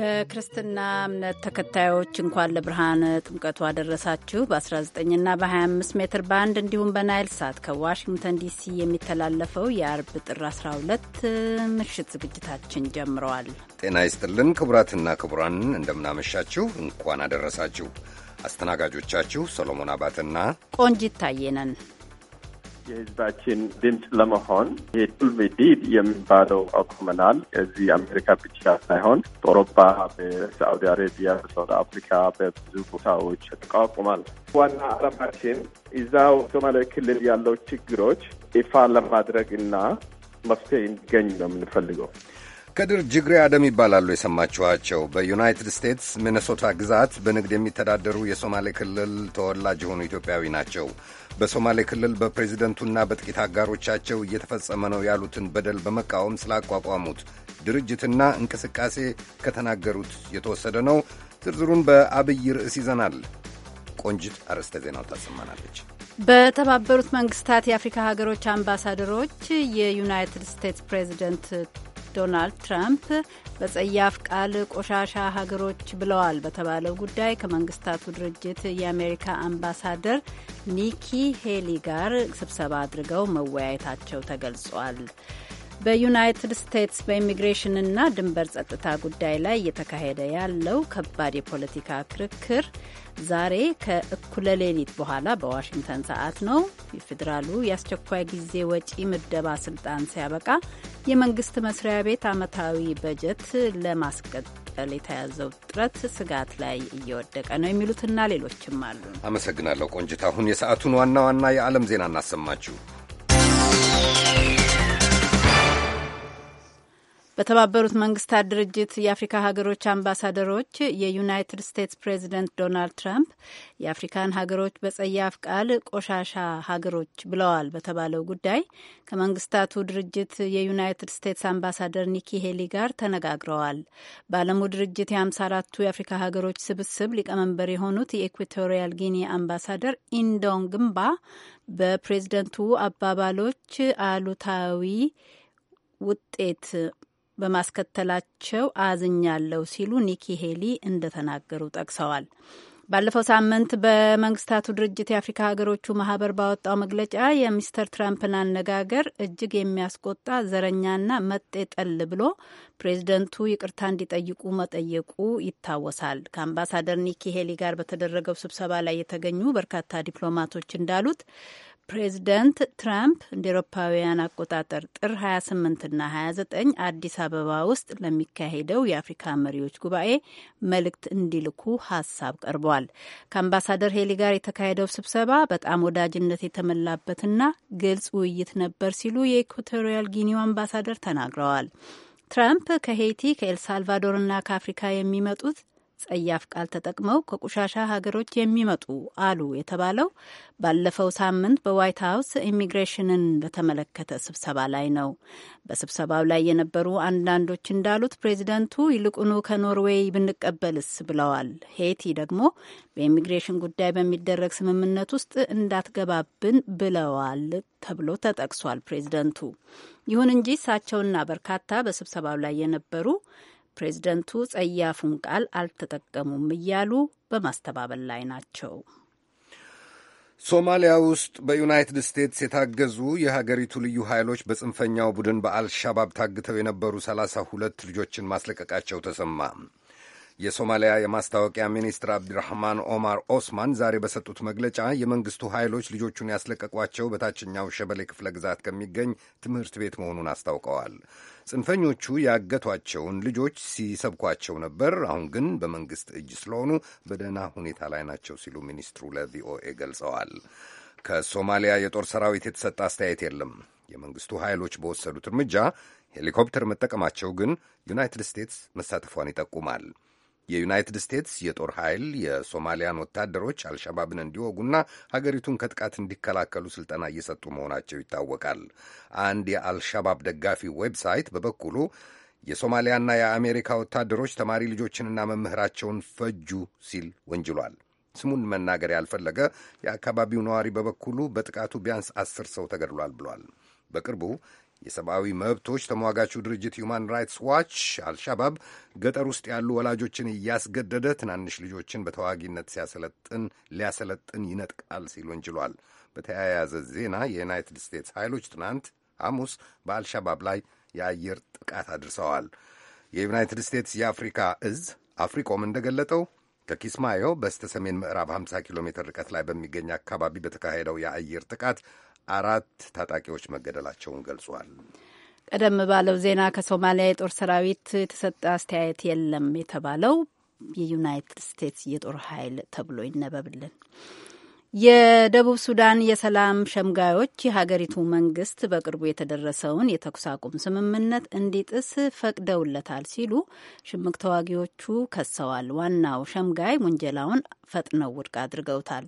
ለክርስትና እምነት ተከታዮች እንኳን ለብርሃነ ጥምቀቱ አደረሳችሁ። በ19ና በ25 ሜትር ባንድ እንዲሁም በናይል ሳት ከዋሽንግተን ዲሲ የሚተላለፈው የአርብ ጥር 12 ምሽት ዝግጅታችን ጀምረዋል። ጤና ይስጥልን ክቡራትና ክቡራን፣ እንደምናመሻችሁ። እንኳን አደረሳችሁ። አስተናጋጆቻችሁ ሰሎሞን አባትና ቆንጂት ታየነን የህዝባችን ድምፅ ለመሆን ሜዲድ የሚባለው አቁመናል። እዚህ አሜሪካ ብቻ ሳይሆን በአውሮፓ፣ በሳዑዲ አረቢያ፣ በሳውት አፍሪካ በብዙ ቦታዎች ተቋቁሟል። ዋና ዓላማችን እዛው ሶማሌ ክልል ያለው ችግሮች ይፋ ለማድረግ እና መፍትሄ እንዲገኝ ነው የምንፈልገው። ከድር ጅግሬ አደም ይባላሉ የሰማችኋቸው። በዩናይትድ ስቴትስ ሚነሶታ ግዛት በንግድ የሚተዳደሩ የሶማሌ ክልል ተወላጅ የሆኑ ኢትዮጵያዊ ናቸው። በሶማሌ ክልል በፕሬዚደንቱና በጥቂት አጋሮቻቸው እየተፈጸመ ነው ያሉትን በደል በመቃወም ስላቋቋሙት ድርጅትና እንቅስቃሴ ከተናገሩት የተወሰደ ነው። ዝርዝሩን በአብይ ርዕስ ይዘናል። ቆንጅት አርዕስተ ዜናው ታሰማናለች። በተባበሩት መንግስታት የአፍሪካ ሀገሮች አምባሳደሮች የዩናይትድ ስቴትስ ፕሬዝደንት ዶናልድ ትራምፕ በጸያፍ ቃል ቆሻሻ ሀገሮች ብለዋል በተባለው ጉዳይ ከመንግስታቱ ድርጅት የአሜሪካ አምባሳደር ኒኪ ሄሊ ጋር ስብሰባ አድርገው መወያየታቸው ተገልጿል። በዩናይትድ ስቴትስ በኢሚግሬሽንና ድንበር ጸጥታ ጉዳይ ላይ እየተካሄደ ያለው ከባድ የፖለቲካ ክርክር ዛሬ ከእኩለ ሌሊት በኋላ በዋሽንግተን ሰዓት ነው። የፌዴራሉ የአስቸኳይ ጊዜ ወጪ ምደባ ስልጣን ሲያበቃ የመንግስት መስሪያ ቤት አመታዊ በጀት ለማስቀጠል የተያዘው ጥረት ስጋት ላይ እየወደቀ ነው የሚሉትና ሌሎችም አሉ። አመሰግናለሁ ቆንጅት። አሁን የሰዓቱን ዋና ዋና የዓለም ዜና እናሰማችሁ። በተባበሩት መንግስታት ድርጅት የአፍሪካ ሀገሮች አምባሳደሮች የዩናይትድ ስቴትስ ፕሬዚደንት ዶናልድ ትራምፕ የአፍሪካን ሀገሮች በጸያፍ ቃል ቆሻሻ ሀገሮች ብለዋል በተባለው ጉዳይ ከመንግስታቱ ድርጅት የዩናይትድ ስቴትስ አምባሳደር ኒኪ ሄሊ ጋር ተነጋግረዋል። በዓለሙ ድርጅት የሃምሳ አራቱ የአፍሪካ ሀገሮች ስብስብ ሊቀመንበር የሆኑት የኢኩቶሪያል ጊኒ አምባሳደር ኢንዶን ግንባ በፕሬዝደንቱ አባባሎች አሉታዊ ውጤት በማስከተላቸው አዝኛለሁ ሲሉ ኒኪ ሄሊ እንደተናገሩ ጠቅሰዋል። ባለፈው ሳምንት በመንግስታቱ ድርጅት የአፍሪካ ሀገሮቹ ማህበር ባወጣው መግለጫ የሚስተር ትራምፕን አነጋገር እጅግ የሚያስቆጣ ዘረኛና መጤ ጠል ብሎ ፕሬዚደንቱ ይቅርታ እንዲጠይቁ መጠየቁ ይታወሳል። ከአምባሳደር ኒኪ ሄሊ ጋር በተደረገው ስብሰባ ላይ የተገኙ በርካታ ዲፕሎማቶች እንዳሉት ፕሬዚደንት ትራምፕ እንደ ኤሮፓውያን አቆጣጠር ጥር 28ና 29 አዲስ አበባ ውስጥ ለሚካሄደው የአፍሪካ መሪዎች ጉባኤ መልእክት እንዲልኩ ሀሳብ ቀርቧል። ከአምባሳደር ሄሊ ጋር የተካሄደው ስብሰባ በጣም ወዳጅነት የተመላበትና ግልጽ ውይይት ነበር ሲሉ የኢኳቶሪያል ጊኒው አምባሳደር ተናግረዋል። ትራምፕ ከሄይቲ ከኤልሳልቫዶርና ከአፍሪካ የሚመጡት ጸያፍ ቃል ተጠቅመው ከቆሻሻ ሀገሮች የሚመጡ አሉ የተባለው ባለፈው ሳምንት በዋይት ሀውስ ኢሚግሬሽንን በተመለከተ ስብሰባ ላይ ነው። በስብሰባው ላይ የነበሩ አንዳንዶች እንዳሉት ፕሬዚደንቱ ይልቁኑ ከኖርዌይ ብንቀበልስ ብለዋል። ሄቲ ደግሞ በኢሚግሬሽን ጉዳይ በሚደረግ ስምምነት ውስጥ እንዳትገባብን ብለዋል ተብሎ ተጠቅሷል ፕሬዚደንቱ። ይሁን እንጂ እሳቸውና በርካታ በስብሰባው ላይ የነበሩ ፕሬዝደንቱ ጸያፉን ቃል አልተጠቀሙም እያሉ በማስተባበል ላይ ናቸው። ሶማሊያ ውስጥ በዩናይትድ ስቴትስ የታገዙ የሀገሪቱ ልዩ ኃይሎች በጽንፈኛው ቡድን በአልሻባብ ታግተው የነበሩ ሰላሳ ሁለት ልጆችን ማስለቀቃቸው ተሰማ። የሶማሊያ የማስታወቂያ ሚኒስትር አብዲራህማን ኦማር ኦስማን ዛሬ በሰጡት መግለጫ የመንግስቱ ኃይሎች ልጆቹን ያስለቀቋቸው በታችኛው ሸበሌ ክፍለ ግዛት ከሚገኝ ትምህርት ቤት መሆኑን አስታውቀዋል። ጽንፈኞቹ ያገቷቸውን ልጆች ሲሰብኳቸው ነበር። አሁን ግን በመንግስት እጅ ስለሆኑ በደህና ሁኔታ ላይ ናቸው ሲሉ ሚኒስትሩ ለቪኦኤ ገልጸዋል። ከሶማሊያ የጦር ሰራዊት የተሰጠ አስተያየት የለም። የመንግስቱ ኃይሎች በወሰዱት እርምጃ ሄሊኮፕተር መጠቀማቸው ግን ዩናይትድ ስቴትስ መሳተፏን ይጠቁማል። የዩናይትድ ስቴትስ የጦር ኃይል የሶማሊያን ወታደሮች አልሸባብን እንዲወጉና ሀገሪቱን ከጥቃት እንዲከላከሉ ስልጠና እየሰጡ መሆናቸው ይታወቃል። አንድ የአልሸባብ ደጋፊ ዌብሳይት በበኩሉ የሶማሊያና የአሜሪካ ወታደሮች ተማሪ ልጆችንና መምህራቸውን ፈጁ ሲል ወንጅሏል። ስሙን መናገር ያልፈለገ የአካባቢው ነዋሪ በበኩሉ በጥቃቱ ቢያንስ አስር ሰው ተገድሏል ብሏል። በቅርቡ የሰብአዊ መብቶች ተሟጋቹ ድርጅት ሁማን ራይትስ ዋች አልሻባብ ገጠር ውስጥ ያሉ ወላጆችን እያስገደደ ትናንሽ ልጆችን በተዋጊነት ሲያሰለጥን ሊያሰለጥን ይነጥቃል ሲል ወንጅሏል። በተያያዘ ዜና የዩናይትድ ስቴትስ ኃይሎች ትናንት ሐሙስ በአልሻባብ ላይ የአየር ጥቃት አድርሰዋል። የዩናይትድ ስቴትስ የአፍሪካ እዝ አፍሪቆም እንደገለጠው ከኪስማዮ በስተ ሰሜን ምዕራብ 50 ኪሎ ሜትር ርቀት ላይ በሚገኝ አካባቢ በተካሄደው የአየር ጥቃት አራት ታጣቂዎች መገደላቸውን ገልጿል። ቀደም ባለው ዜና ከሶማሊያ የጦር ሰራዊት የተሰጠ አስተያየት የለም የተባለው የዩናይትድ ስቴትስ የጦር ኃይል ተብሎ ይነበብልን። የደቡብ ሱዳን የሰላም ሸምጋዮች የሀገሪቱ መንግስት በቅርቡ የተደረሰውን የተኩስ አቁም ስምምነት እንዲጥስ ፈቅደውለታል ሲሉ ሽምቅ ተዋጊዎቹ ከሰዋል። ዋናው ሸምጋይ ውንጀላውን ፈጥነው ውድቅ አድርገውታል።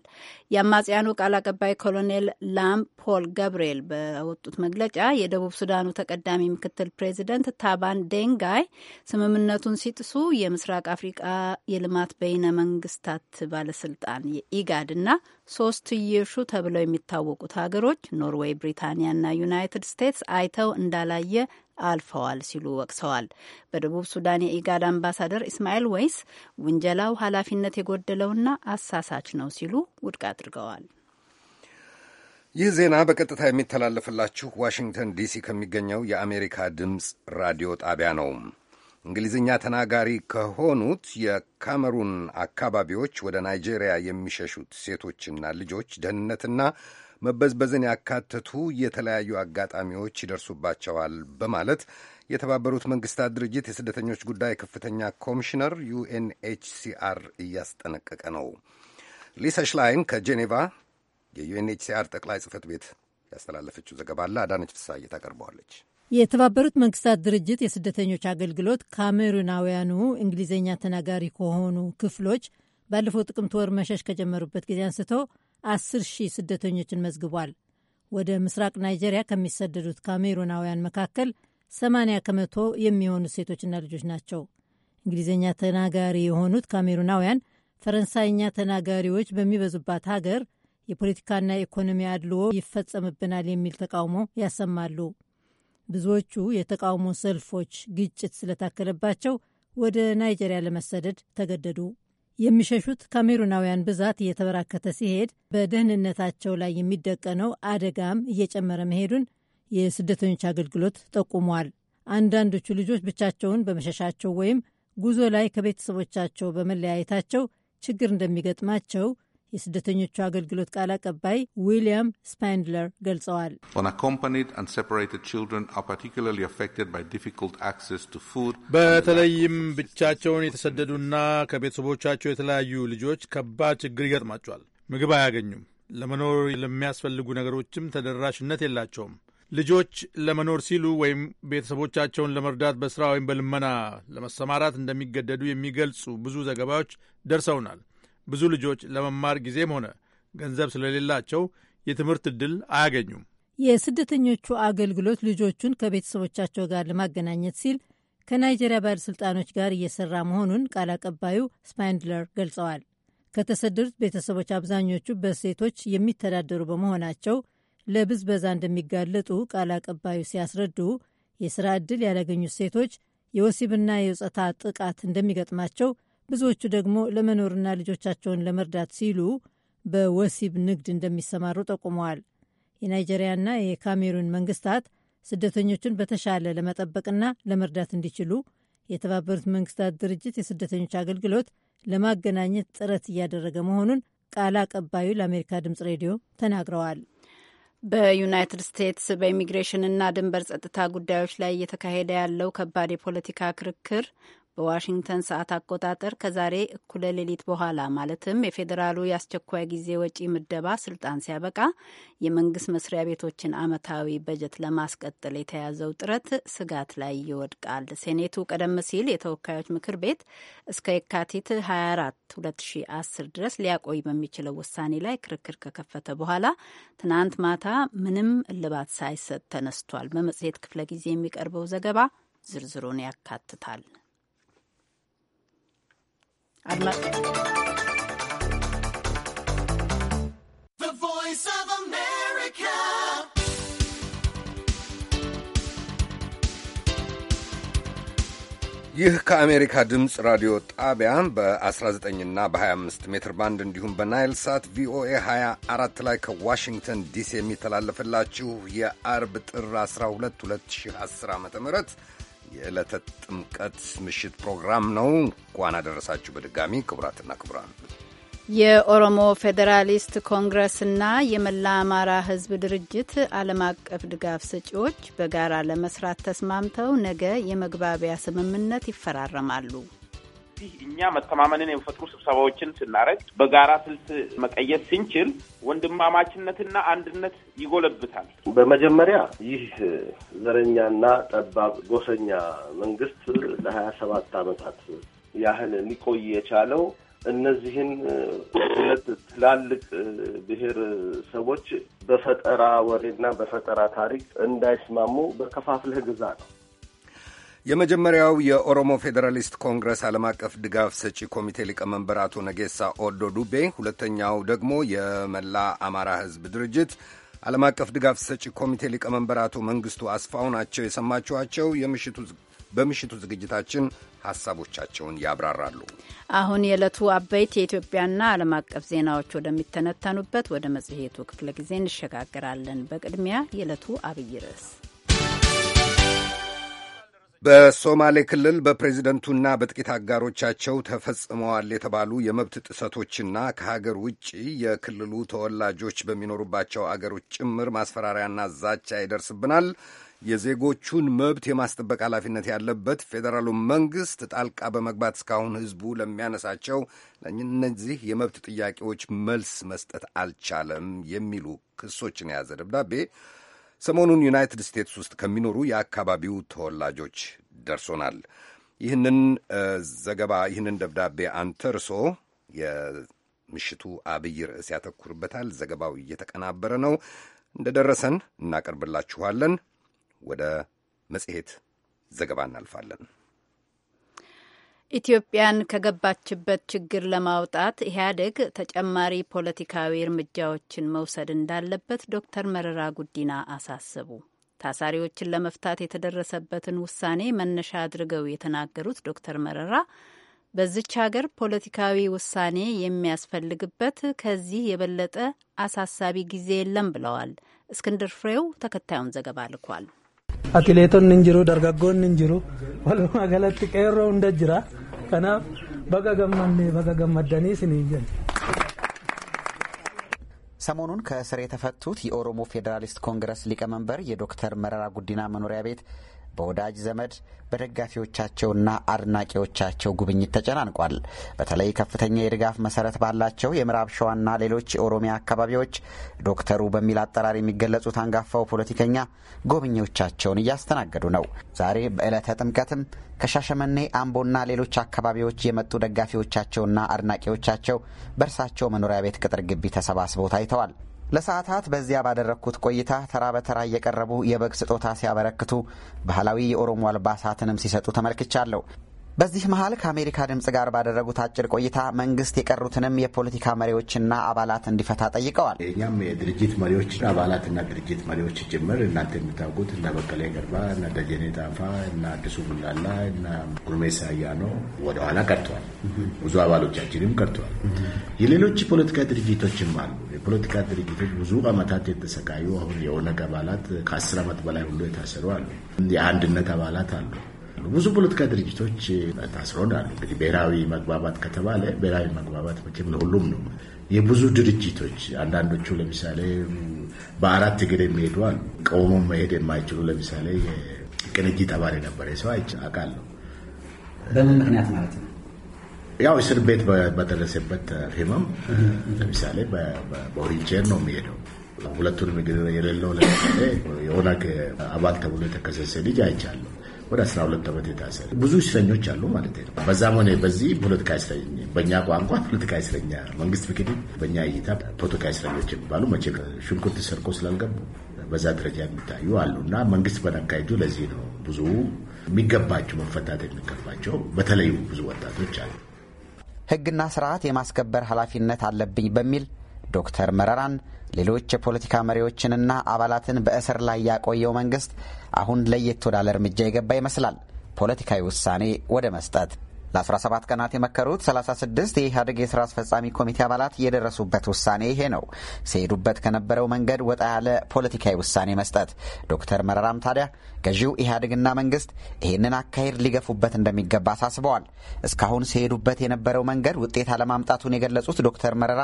የአማጽያኑ ቃል አቀባይ ኮሎኔል ላም ፖል ገብርኤል በወጡት መግለጫ የደቡብ ሱዳኑ ተቀዳሚ ምክትል ፕሬዚደንት ታባን ዴንጋይ ስምምነቱን ሲጥሱ የምስራቅ አፍሪቃ የልማት በይነ መንግስታት ባለስልጣን የኢጋድ እና ሶስትዮሹ ተብለው የሚታወቁት ሀገሮች ኖርዌይ፣ ብሪታንያና ዩናይትድ ስቴትስ አይተው እንዳላየ አልፈዋል ሲሉ ወቅሰዋል። በደቡብ ሱዳን የኢጋድ አምባሳደር ኢስማኤል ወይስ ውንጀላው ኃላፊነት የጎደለውና አሳሳች ነው ሲሉ ውድቅ አድርገዋል። ይህ ዜና በቀጥታ የሚተላለፍላችሁ ዋሽንግተን ዲሲ ከሚገኘው የአሜሪካ ድምፅ ራዲዮ ጣቢያ ነው። እንግሊዝኛ ተናጋሪ ከሆኑት የካሜሩን አካባቢዎች ወደ ናይጄሪያ የሚሸሹት ሴቶችና ልጆች ደህንነትና መበዝበዝን ያካተቱ የተለያዩ አጋጣሚዎች ይደርሱባቸዋል በማለት የተባበሩት መንግስታት ድርጅት የስደተኞች ጉዳይ ከፍተኛ ኮሚሽነር ዩኤንኤችሲአር እያስጠነቀቀ ነው። ሊሳ ሽላይን ከጄኔቫ የዩኤንኤችሲአር ጠቅላይ ጽህፈት ቤት ያስተላለፈችው ዘገባ አለ። አዳነች ፍሳዬ ታቀርበዋለች። የተባበሩት መንግስታት ድርጅት የስደተኞች አገልግሎት ካሜሩናውያኑ እንግሊዝኛ ተናጋሪ ከሆኑ ክፍሎች ባለፈው ጥቅምት ወር መሸሽ ከጀመሩበት ጊዜ አንስቶ 10 ሺህ ስደተኞችን መዝግቧል። ወደ ምስራቅ ናይጄሪያ ከሚሰደዱት ካሜሩናውያን መካከል 80 ከመቶ የሚሆኑ ሴቶችና ልጆች ናቸው። እንግሊዝኛ ተናጋሪ የሆኑት ካሜሩናውያን ፈረንሳይኛ ተናጋሪዎች በሚበዙባት ሀገር የፖለቲካና የኢኮኖሚ አድልዎ ይፈጸምብናል የሚል ተቃውሞ ያሰማሉ። ብዙዎቹ የተቃውሞ ሰልፎች ግጭት ስለታከለባቸው ወደ ናይጄሪያ ለመሰደድ ተገደዱ። የሚሸሹት ካሜሩናውያን ብዛት እየተበራከተ ሲሄድ በደህንነታቸው ላይ የሚደቀነው አደጋም እየጨመረ መሄዱን የስደተኞች አገልግሎት ጠቁሟል። አንዳንዶቹ ልጆች ብቻቸውን በመሸሻቸው ወይም ጉዞ ላይ ከቤተሰቦቻቸው በመለያየታቸው ችግር እንደሚገጥማቸው የስደተኞቹ አገልግሎት ቃል አቀባይ ዊሊያም ስፓንድለር ገልጸዋል። በተለይም ብቻቸውን የተሰደዱና ከቤተሰቦቻቸው የተለያዩ ልጆች ከባድ ችግር ይገጥማቸዋል። ምግብ አያገኙም። ለመኖር ለሚያስፈልጉ ነገሮችም ተደራሽነት የላቸውም። ልጆች ለመኖር ሲሉ ወይም ቤተሰቦቻቸውን ለመርዳት በሥራ ወይም በልመና ለመሰማራት እንደሚገደዱ የሚገልጹ ብዙ ዘገባዎች ደርሰውናል። ብዙ ልጆች ለመማር ጊዜም ሆነ ገንዘብ ስለሌላቸው የትምህርት ዕድል አያገኙም። የስደተኞቹ አገልግሎት ልጆቹን ከቤተሰቦቻቸው ጋር ለማገናኘት ሲል ከናይጄሪያ ባለሥልጣኖች ጋር እየሰራ መሆኑን ቃል አቀባዩ ስፓንድለር ገልጸዋል። ከተሰደዱት ቤተሰቦች አብዛኞቹ በሴቶች የሚተዳደሩ በመሆናቸው ለብዝበዛ እንደሚጋለጡ ቃል አቀባዩ ሲያስረዱ የሥራ ዕድል ያላገኙት ሴቶች የወሲብና የጾታ ጥቃት እንደሚገጥማቸው ብዙዎቹ ደግሞ ለመኖርና ልጆቻቸውን ለመርዳት ሲሉ በወሲብ ንግድ እንደሚሰማሩ ጠቁመዋል። የናይጄሪያና የካሜሩን መንግስታት ስደተኞቹን በተሻለ ለመጠበቅና ለመርዳት እንዲችሉ የተባበሩት መንግስታት ድርጅት የስደተኞች አገልግሎት ለማገናኘት ጥረት እያደረገ መሆኑን ቃል አቀባዩ ለአሜሪካ ድምጽ ሬዲዮ ተናግረዋል። በዩናይትድ ስቴትስ በኢሚግሬሽንና ድንበር ጸጥታ ጉዳዮች ላይ እየተካሄደ ያለው ከባድ የፖለቲካ ክርክር በዋሽንግተን ሰዓት አቆጣጠር ከዛሬ እኩለ ሌሊት በኋላ ማለትም የፌዴራሉ የአስቸኳይ ጊዜ ወጪ ምደባ ስልጣን ሲያበቃ የመንግስት መስሪያ ቤቶችን አመታዊ በጀት ለማስቀጠል የተያዘው ጥረት ስጋት ላይ ይወድቃል። ሴኔቱ ቀደም ሲል የተወካዮች ምክር ቤት እስከ የካቲት 24 2010 ድረስ ሊያቆይ በሚችለው ውሳኔ ላይ ክርክር ከከፈተ በኋላ ትናንት ማታ ምንም እልባት ሳይሰጥ ተነስቷል። በመጽሔት ክፍለ ጊዜ የሚቀርበው ዘገባ ዝርዝሩን ያካትታል። ይህ ከአሜሪካ ድምፅ ራዲዮ ጣቢያ በ19ና በ25 ሜትር ባንድ እንዲሁም በናይል ሳት ቪኦኤ 24 ላይ ከዋሽንግተን ዲሲ የሚተላለፍላችሁ የአርብ ጥር 12 2010 ዓ ም የዕለተ ጥምቀት ምሽት ፕሮግራም ነው። እንኳን አደረሳችሁ በድጋሚ ክቡራትና ክቡራን። የኦሮሞ ፌዴራሊስት ኮንግረስና የመላ አማራ ሕዝብ ድርጅት ዓለም አቀፍ ድጋፍ ሰጪዎች በጋራ ለመስራት ተስማምተው ነገ የመግባቢያ ስምምነት ይፈራረማሉ። ስለዚህ እኛ መተማመንን የሚፈጥሩ ስብሰባዎችን ስናረግ በጋራ ስልት መቀየስ ስንችል ወንድማማችነትና አንድነት ይጎለብታል። በመጀመሪያ ይህ ዘረኛና ጠባብ ጎሰኛ መንግስት ለሀያ ሰባት አመታት ያህል ሊቆይ የቻለው እነዚህን ሁለት ትላልቅ ብሔር ሰዎች በፈጠራ ወሬና በፈጠራ ታሪክ እንዳይስማሙ በከፋፍለህ ግዛ ነው። የመጀመሪያው የኦሮሞ ፌዴራሊስት ኮንግረስ ዓለም አቀፍ ድጋፍ ሰጪ ኮሚቴ ሊቀመንበር አቶ ነጌሳ ኦዶ ዱቤ፣ ሁለተኛው ደግሞ የመላ አማራ ሕዝብ ድርጅት ዓለም አቀፍ ድጋፍ ሰጪ ኮሚቴ ሊቀመንበር አቶ መንግስቱ አስፋው ናቸው የሰማችኋቸው። የምሽቱ በምሽቱ ዝግጅታችን ሀሳቦቻቸውን ያብራራሉ። አሁን የዕለቱ አበይት የኢትዮጵያና ዓለም አቀፍ ዜናዎች ወደሚተነተኑበት ወደ መጽሔቱ ክፍለ ጊዜ እንሸጋግራለን። በቅድሚያ የዕለቱ አብይ ርዕስ በሶማሌ ክልል በፕሬዚደንቱና በጥቂት አጋሮቻቸው ተፈጽመዋል የተባሉ የመብት ጥሰቶችና ከሀገር ውጭ የክልሉ ተወላጆች በሚኖሩባቸው አገሮች ጭምር ማስፈራሪያና ዛቻ ይደርስብናል፣ የዜጎቹን መብት የማስጠበቅ ኃላፊነት ያለበት ፌዴራሉ መንግስት ጣልቃ በመግባት እስካሁን ህዝቡ ለሚያነሳቸው ለእነዚህ የመብት ጥያቄዎች መልስ መስጠት አልቻለም የሚሉ ክሶችን የያዘ ደብዳቤ ሰሞኑን ዩናይትድ ስቴትስ ውስጥ ከሚኖሩ የአካባቢው ተወላጆች ደርሶናል። ይህንን ዘገባ ይህንን ደብዳቤ አንተርሶ የምሽቱ አብይ ርዕስ ያተኩርበታል። ዘገባው እየተቀናበረ ነው፣ እንደደረሰን እናቀርብላችኋለን። ወደ መጽሔት ዘገባ እናልፋለን። ኢትዮጵያን ከገባችበት ችግር ለማውጣት ኢህአዴግ ተጨማሪ ፖለቲካዊ እርምጃዎችን መውሰድ እንዳለበት ዶክተር መረራ ጉዲና አሳሰቡ። ታሳሪዎችን ለመፍታት የተደረሰበትን ውሳኔ መነሻ አድርገው የተናገሩት ዶክተር መረራ በዚች ሀገር ፖለቲካዊ ውሳኔ የሚያስፈልግበት ከዚህ የበለጠ አሳሳቢ ጊዜ የለም ብለዋል። እስክንድር ፍሬው ተከታዩን ዘገባ ልኳል። Atileetonni hin jiru, dargaggoonni hin jiru, walumaa galatti qeerroo hunda jira. Kanaaf baga gammannee baga gammaddanii isinii jenna. ሰሞኑን ከእስር የተፈቱት የኦሮሞ ፌዴራሊስት ኮንግረስ ሊቀመንበር የዶክተር መረራ ጉዲና መኖሪያ ቤት በወዳጅ ዘመድ በደጋፊዎቻቸውና አድናቂዎቻቸው ጉብኝት ተጨናንቋል። በተለይ ከፍተኛ የድጋፍ መሰረት ባላቸው የምዕራብ ሸዋና ሌሎች የኦሮሚያ አካባቢዎች ዶክተሩ በሚል አጠራር የሚገለጹት አንጋፋው ፖለቲከኛ ጎብኚዎቻቸውን እያስተናገዱ ነው። ዛሬ በዕለተ ጥምቀትም ከሻሸመኔ አምቦና ሌሎች አካባቢዎች የመጡ ደጋፊዎቻቸውና አድናቂዎቻቸው በእርሳቸው መኖሪያ ቤት ቅጥር ግቢ ተሰባስበው ታይተዋል። ለሰዓታት በዚያ ባደረግኩት ቆይታ ተራ በተራ እየቀረቡ የበግ ስጦታ ሲያበረክቱ ባህላዊ የኦሮሞ አልባሳትንም ሲሰጡ ተመልክቻለሁ። በዚህ መሀል ከአሜሪካ ድምፅ ጋር ባደረጉት አጭር ቆይታ መንግስት የቀሩትንም የፖለቲካ መሪዎችና አባላት እንዲፈታ ጠይቀዋል። የኛም የድርጅት መሪዎች አባላትና ድርጅት መሪዎች ጭምር እናንተ የምታውቁት እነ በቀለ ገርባ፣ እነ ደጀኔ ጣፋ፣ እነ አዲሱ ቡላላ፣ እነ ጉርሜሳ አያኖ ወደኋላ ቀርተዋል። ብዙ አባሎቻችንም ቀርተዋል። የሌሎች ፖለቲካ ድርጅቶችም አሉ። የፖለቲካ ድርጅቶች ብዙ አመታት የተሰቃዩ አሁን የኦነግ አባላት ከአስር አመት በላይ ሁሉ የታሰሩ አሉ። የአንድነት አባላት አሉ። ይችላሉ። ብዙ ፖለቲካ ድርጅቶች ታስሮ እንዳሉ እንግዲህ ብሔራዊ መግባባት ከተባለ ብሔራዊ መግባባት መቼም ለሁሉም ነው። የብዙ ድርጅቶች አንዳንዶቹ ለምሳሌ በአራት እግር የሚሄዱ አሉ። ቆሞ መሄድ የማይችሉ ለምሳሌ ቅንጅት አባል የነበረ ሰው አውቃለሁ። በምን ምክንያት ማለት ነው? ያው እስር ቤት በደረሰበት ህመም ለምሳሌ በዊልቼር ነው የሚሄደው። ሁለቱንም እግር የሌለው ለምሳሌ የሆነ አባል ተብሎ የተከሰሰ ልጅ አይቻለሁ። ወደ 12 ዓመት የታሰረ ብዙ እስረኞች አሉ ማለት ነው። በዛም ሆነ በዚህ ፖለቲካ እስረኛ፣ በእኛ ቋንቋ ፖለቲካ እስረኛ፣ መንግስት ፍቅድ፣ በእኛ እይታ ፖለቲካ እስረኞች የሚባሉ መቼ ሽንኩርት ሰርቆ ስላልገቡ በዛ ደረጃ የሚታዩ አሉ እና መንግስት በናካሄዱ ለዚህ ነው ብዙ የሚገባቸው መፈታት የሚገባቸው በተለዩ ብዙ ወጣቶች አሉ። ህግና ስርዓት የማስከበር ኃላፊነት አለብኝ በሚል ዶክተር መረራን ሌሎች የፖለቲካ መሪዎችንና አባላትን በእስር ላይ ያቆየው መንግስት አሁን ለየት ወዳለ እርምጃ የገባ ይመስላል ፖለቲካዊ ውሳኔ ወደ መስጠት። ለ17 ቀናት የመከሩት 36 የኢህአዴግ የስራ አስፈጻሚ ኮሚቴ አባላት የደረሱበት ውሳኔ ይሄ ነው። ሲሄዱበት ከነበረው መንገድ ወጣ ያለ ፖለቲካዊ ውሳኔ መስጠት። ዶክተር መረራም ታዲያ ገዢው ኢህአዴግና መንግስት ይህንን አካሄድ ሊገፉበት እንደሚገባ አሳስበዋል። እስካሁን ሲሄዱበት የነበረው መንገድ ውጤት አለማምጣቱን የገለጹት ዶክተር መረራ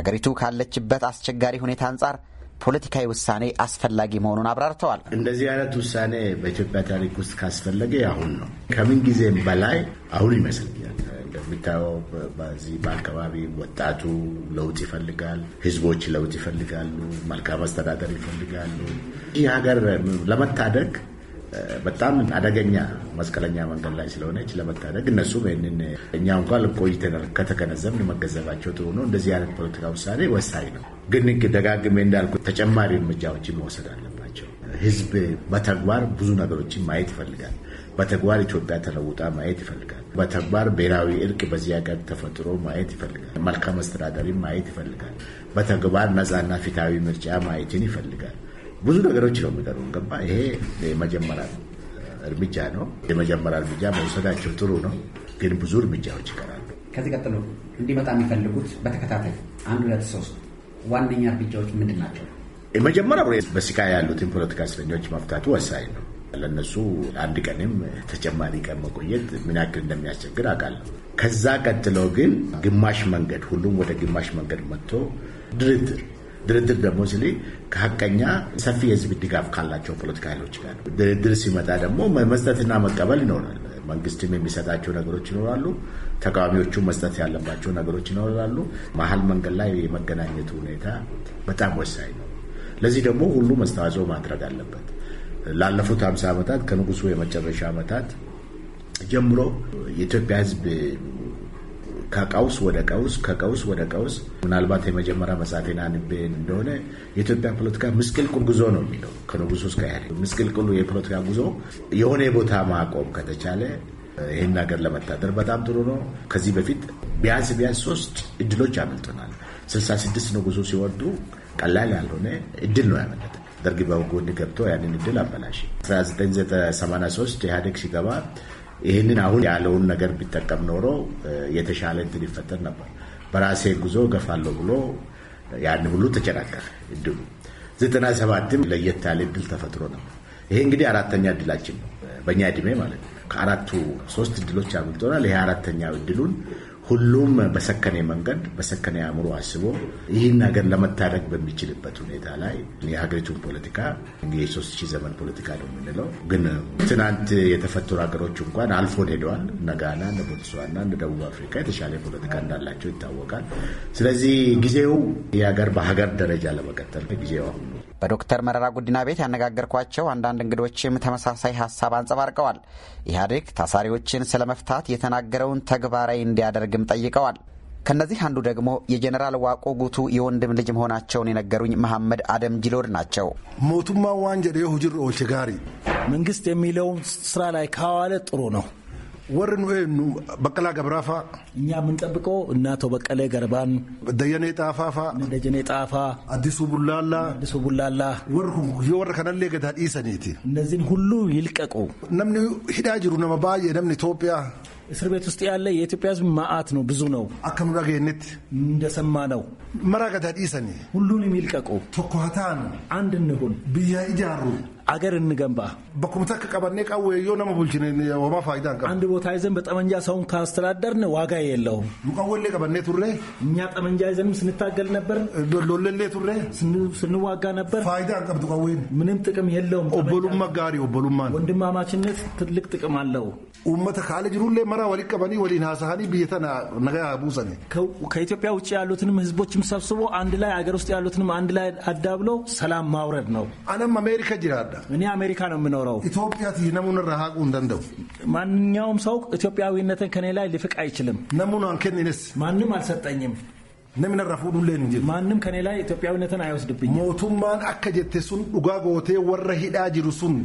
አገሪቱ ካለችበት አስቸጋሪ ሁኔታ አንጻር ፖለቲካዊ ውሳኔ አስፈላጊ መሆኑን አብራርተዋል። እንደዚህ አይነት ውሳኔ በኢትዮጵያ ታሪክ ውስጥ ካስፈለገ አሁን ነው። ከምን ጊዜም በላይ አሁን ይመስለኛል። እንደሚታየው በዚህ በአካባቢ ወጣቱ ለውጥ ይፈልጋል። ህዝቦች ለውጥ ይፈልጋሉ። መልካም አስተዳደር ይፈልጋሉ። ይህ ሀገር ለመታደግ በጣም አደገኛ መስቀለኛ መንገድ ላይ ስለሆነች ለመታደግ እነሱም ይህንን እኛ እንኳን ቆይተናል ከተገነዘብ መገንዘባቸው ጥሩ ነው። እንደዚህ አይነት ፖለቲካ ውሳኔ ወሳኝ ነው፣ ግን ደጋግሜ እንዳልኩ ተጨማሪ እርምጃዎችን መውሰድ አለባቸው። ህዝብ በተግባር ብዙ ነገሮችን ማየት ይፈልጋል። በተግባር ኢትዮጵያ ተለውጣ ማየት ይፈልጋል። በተግባር ብሔራዊ እርቅ በዚህ ሀገር ተፈጥሮ ማየት ይፈልጋል። መልካም አስተዳደሪ ማየት ይፈልጋል። በተግባር ነፃና ፊታዊ ምርጫ ማየትን ይፈልጋል። ብዙ ነገሮች ነው የሚቀሩ ገባ። ይሄ የመጀመሪያ እርምጃ ነው። የመጀመሪያ እርምጃ መውሰዳቸው ጥሩ ነው፣ ግን ብዙ እርምጃዎች ይቀራሉ። ከዚህ ቀጥሎ እንዲመጣ የሚፈልጉት በተከታታይ አንድ ሁለት ሶስት ዋነኛ እርምጃዎች ምንድን ናቸው? የመጀመሪያው በስቃ ያሉትን ፖለቲካ እስረኞች መፍታቱ ወሳኝ ነው። ለነሱ አንድ ቀንም ተጨማሪ ቀን መቆየት ምን ያክል እንደሚያስቸግር አውቃለሁ። ከዛ ቀጥሎ ግን ግማሽ መንገድ ሁሉም ወደ ግማሽ መንገድ መጥቶ ድርድር ድርድር ደግሞ ስል ከሀቀኛ ሰፊ የህዝብ ድጋፍ ካላቸው ፖለቲካ ኃይሎች ጋር ድርድር ሲመጣ ደግሞ መስጠትና መቀበል ይኖራል። መንግስትም የሚሰጣቸው ነገሮች ይኖራሉ። ተቃዋሚዎቹ መስጠት ያለባቸው ነገሮች ይኖራሉ። መሀል መንገድ ላይ የመገናኘቱ ሁኔታ በጣም ወሳኝ ነው። ለዚህ ደግሞ ሁሉ መስተዋጽኦ ማድረግ አለበት። ላለፉት ሀምሳ ዓመታት ከንጉሱ የመጨረሻ ዓመታት ጀምሮ የኢትዮጵያ ህዝብ ከቀውስ ወደ ቀውስ ከቀውስ ወደ ቀውስ ምናልባት የመጀመሪያ መጽሐፌን አንቤ እንደሆነ የኢትዮጵያ ፖለቲካ ምስቅልቅል ጉዞ ነው የሚለው ከንጉሱ እስከ ኢህአዴግ ምስቅልቅሉ የፖለቲካ ጉዞ የሆነ ቦታ ማቆም ከተቻለ ይህን ነገር ለመታደር በጣም ጥሩ ነው። ከዚህ በፊት ቢያንስ ቢያንስ ሶስት እድሎች ያመልጡናል። ስልሳ ስድስት ንጉሱ ሲወርዱ ቀላል ያልሆነ እድል ነው ያመለጠ ደርግ በጎን ገብቶ ያንን እድል አበላሽ 1983 ኢህአዴግ ሲገባ ይህንን አሁን ያለውን ነገር ቢጠቀም ኖሮ የተሻለ እንትን ይፈጠር ነበር። በራሴ ጉዞ ገፋለሁ ብሎ ያን ሁሉ ተጨናቀፈ እድሉ። ዘጠና ሰባትም ለየት ያለ እድል ተፈጥሮ ነበር። ይሄ እንግዲህ አራተኛ እድላችን ነው በእኛ እድሜ ማለት ነው። ከአራቱ ሶስት እድሎች አግኝቶናል። ይሄ አራተኛ እድሉን ሁሉም በሰከነ መንገድ በሰከነ አእምሮ አስቦ ይህን ሀገር ለመታደግ በሚችልበት ሁኔታ ላይ የሀገሪቱን ፖለቲካ የሶስት ሺህ ዘመን ፖለቲካ ነው የምንለው። ግን ትናንት የተፈጠሩ ሀገሮች እንኳን አልፎን ሄደዋል። እነ ጋና፣ እነ ቦትስዋና፣ እነ ደቡብ አፍሪካ የተሻለ ፖለቲካ እንዳላቸው ይታወቃል። ስለዚህ ጊዜው የሀገር በሀገር ደረጃ ለመቀጠል ጊዜው አሁኑ በዶክተር መረራ ጉዲና ቤት ያነጋገርኳቸው አንዳንድ እንግዶችም ተመሳሳይ ሀሳብ አንጸባርቀዋል። ኢህአዴግ ታሳሪዎችን ስለ መፍታት የተናገረውን ተግባራዊ እንዲያደርግም ጠይቀዋል። ከእነዚህ አንዱ ደግሞ የጀኔራል ዋቆ ጉቱ የወንድም ልጅ መሆናቸውን የነገሩኝ መሐመድ አደም ጅሎድ ናቸው። ሞቱማ ዋንጀ ሆጅር ኦልቸጋሪ መንግስት የሚለውን ስራ ላይ ካዋለ ጥሩ ነው ወርን በቀላ ገብራፋ እኛ የምንጠብቀው እና አቶ በቀለ ገርባን፣ ደየኔ ጣፋፋ፣ ደጀኔ ጣፋ፣ አዲሱ ቡላላ፣ አዲሱ ቡላላ ወር ከነሌ ገዳ ዲሰኒቲ እነዚህን ሁሉ ይልቀቁ። ነምን ሂዳ ጅሩ ነመ ባየ ነምን ኢትዮጵያ እስር ቤት ውስጥ ያለ የኢትዮጵያ ሕዝብ ማአት ነው፣ ብዙ ነው። አከምራገነት እንደሰማ ነው። መራገታ ዲሰኒ ሁሉንም ይልቀቁ። ቶኳታን አንድ እንሁን ብያ ይጃሩ አገር እንገንባ። በኩምታ ከቀበኔ ቀወዮ ነመ ቡልችን ወማ ፋይዳ አንድ ቦታ ይዘን በጠመንጃ ሰውን ካስተዳደርን ዋጋ የለውም። ሙቀወሌ ቀበኔ ቱሬ እኛ ጠመንጃ ይዘንም ስንታገል ነበር። ሎለሌ ቱሬ ስንዋጋ ነበር። ፋይዳ አንቀብቱ ቀወይን ምንም ጥቅም የለውም። ኦበሉም መጋሪ ኦበሉማ ወንድማማችነት ትልቅ ጥቅም አለው። ኡመተ ካለ ጅሩሌ መራ ወሊ ቀበኒ ወሊ ናሳሃኒ ብየተና ነገ ቡሰኔ ከኢትዮጵያ ውጭ ያሉትንም ህዝቦችም ሰብስቦ አንድ ላይ አገር ውስጥ ያሉትንም አንድ ላይ አዳብሎ ሰላም ማውረድ ነው። አነም አሜሪካ ጅራል እኔ አሜሪካ ነው የምኖረው። ኢትዮጵያ ነሙን ረሃቁ እንደንደው ማንኛውም ሰው ኢትዮጵያዊነትን ከኔ ላይ ሊፍቅ አይችልም። ነሙን አንከኒንስ ማንም አልሰጠኝም። namni rafuu dhullee hin jiru. Maannim kan ilaa Itoophiyaawwinatan ayawusdubbin. Mootummaan akka jette sun dhugaa gootee warra hidhaa jiru sun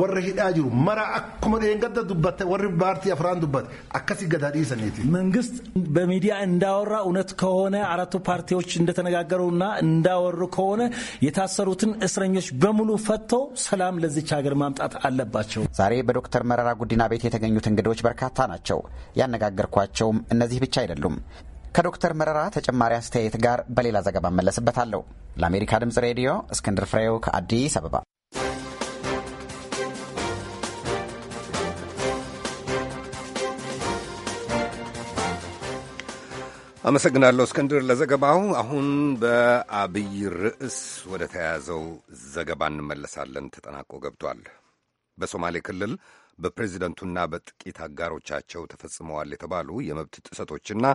warra hidhaa jiru mara akkuma dheengadda dubbatte warri baartii afraan dubbatte akkasi gadaa dhiisaniiti. መንግስት በሚዲያ እንዳወራ እውነት ከሆነ አራቱ ፓርቲዎች እንደተነጋገሩና እንዳወሩ ከሆነ የታሰሩትን እስረኞች በሙሉ ፈተው ሰላም ለዚች ሀገር ማምጣት አለባቸው። ዛሬ በዶክተር መረራ ጉዲና ቤት የተገኙት እንግዶች በርካታ ናቸው። ያነጋገርኳቸውም እነዚህ ብቻ አይደሉም። ከዶክተር መረራ ተጨማሪ አስተያየት ጋር በሌላ ዘገባ እመለስበታለሁ። ለአሜሪካ ድምፅ ሬዲዮ እስክንድር ፍሬው ከአዲስ አበባ። አመሰግናለሁ እስክንድር ለዘገባው። አሁን በአብይ ርዕስ ወደ ተያያዘው ዘገባ እንመለሳለን። ተጠናቆ ገብቷል። በሶማሌ ክልል በፕሬዚደንቱና በጥቂት አጋሮቻቸው ተፈጽመዋል የተባሉ የመብት ጥሰቶችና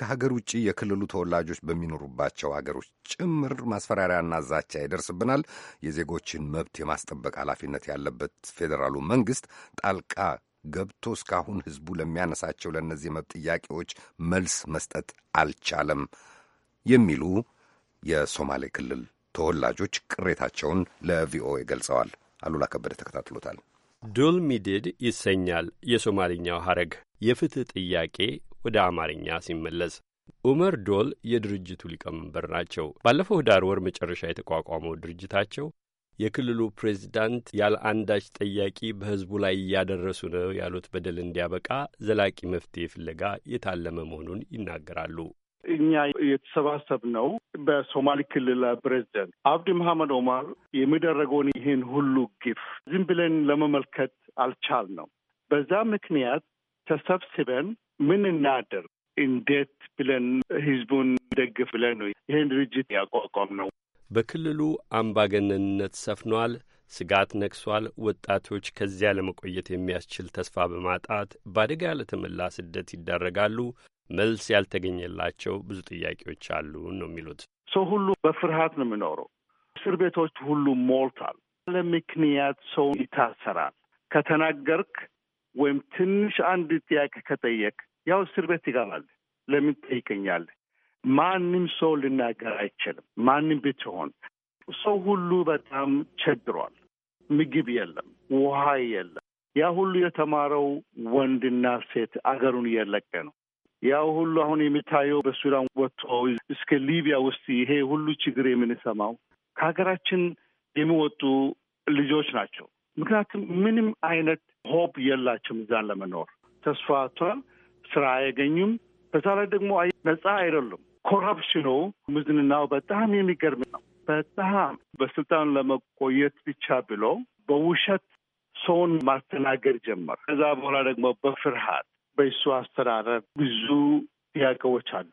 ከሀገር ውጭ የክልሉ ተወላጆች በሚኖሩባቸው ሀገሮች ጭምር ማስፈራሪያና ዛቻ ይደርስብናል፣ የዜጎችን መብት የማስጠበቅ ኃላፊነት ያለበት ፌዴራሉ መንግስት ጣልቃ ገብቶ እስካሁን ህዝቡ ለሚያነሳቸው ለእነዚህ መብት ጥያቄዎች መልስ መስጠት አልቻለም የሚሉ የሶማሌ ክልል ተወላጆች ቅሬታቸውን ለቪኦኤ ገልጸዋል። አሉላ ከበደ ተከታትሎታል። ሚድድ ይሰኛል የሶማሊኛው ሐረግ የፍትሕ ጥያቄ ወደ አማርኛ ሲመለስ። ኡመር ዶል የድርጅቱ ሊቀመንበር ናቸው። ባለፈው ህዳር ወር መጨረሻ የተቋቋመው ድርጅታቸው የክልሉ ፕሬዚዳንት ያለ አንዳች ጠያቂ በሕዝቡ ላይ እያደረሱ ነው ያሉት በደል እንዲያበቃ ዘላቂ መፍትሄ ፍለጋ የታለመ መሆኑን ይናገራሉ። እኛ የተሰባሰብ ነው በሶማሊ ክልል ፕሬዚደንት አብዲ መሐመድ ኦማር የሚደረገውን ይህን ሁሉ ግፍ ዝም ብለን ለመመልከት አልቻልነው። በዛ ምክንያት ተሰብስበን ምን እናደርግ፣ እንዴት ብለን ህዝቡን ደግፍ ብለን ነው ይህን ድርጅት ያቋቋም ነው። በክልሉ አምባገነንነት ሰፍኗል። ስጋት ነግሷል። ወጣቶች ከዚያ ለመቆየት የሚያስችል ተስፋ በማጣት በአደጋ ለተመላ ስደት ይዳረጋሉ። መልስ ያልተገኘላቸው ብዙ ጥያቄዎች አሉ ነው የሚሉት። ሰው ሁሉ በፍርሃት ነው የሚኖረው። እስር ቤቶች ሁሉ ሞልቷል። ለምክንያት ሰው ይታሰራል። ከተናገርክ ወይም ትንሽ አንድ ጥያቄ ከጠየቅ ያው እስር ቤት ይገባል። ለምን ትጠይቀኛለህ? ማንም ሰው ልናገር አይችልም። ማንም ብትሆን ሰው ሁሉ በጣም ቸግሯል። ምግብ የለም፣ ውሃ የለም። ያ ሁሉ የተማረው ወንድና ሴት አገሩን እየለቀ ነው። ያው ሁሉ አሁን የሚታየው በሱዳን ወጥቶ እስከ ሊቢያ ውስጥ ይሄ ሁሉ ችግር የምንሰማው ከሀገራችን የሚወጡ ልጆች ናቸው። ምክንያቱም ምንም አይነት ሆፕ የላቸውም እዛን ለመኖር ተስፋ ቷል። ስራ አያገኙም። በዛ ላይ ደግሞ ነጻ አይደሉም። ኮረፕሽኑ ምዝንናው በጣም የሚገርም ነው። በጣም በስልጣን ለመቆየት ብቻ ብሎ በውሸት ሰውን ማስተናገድ ጀመር። ከዛ በኋላ ደግሞ በፍርሃት በእሱ አስተዳደር ብዙ ጥያቄዎች አሉ።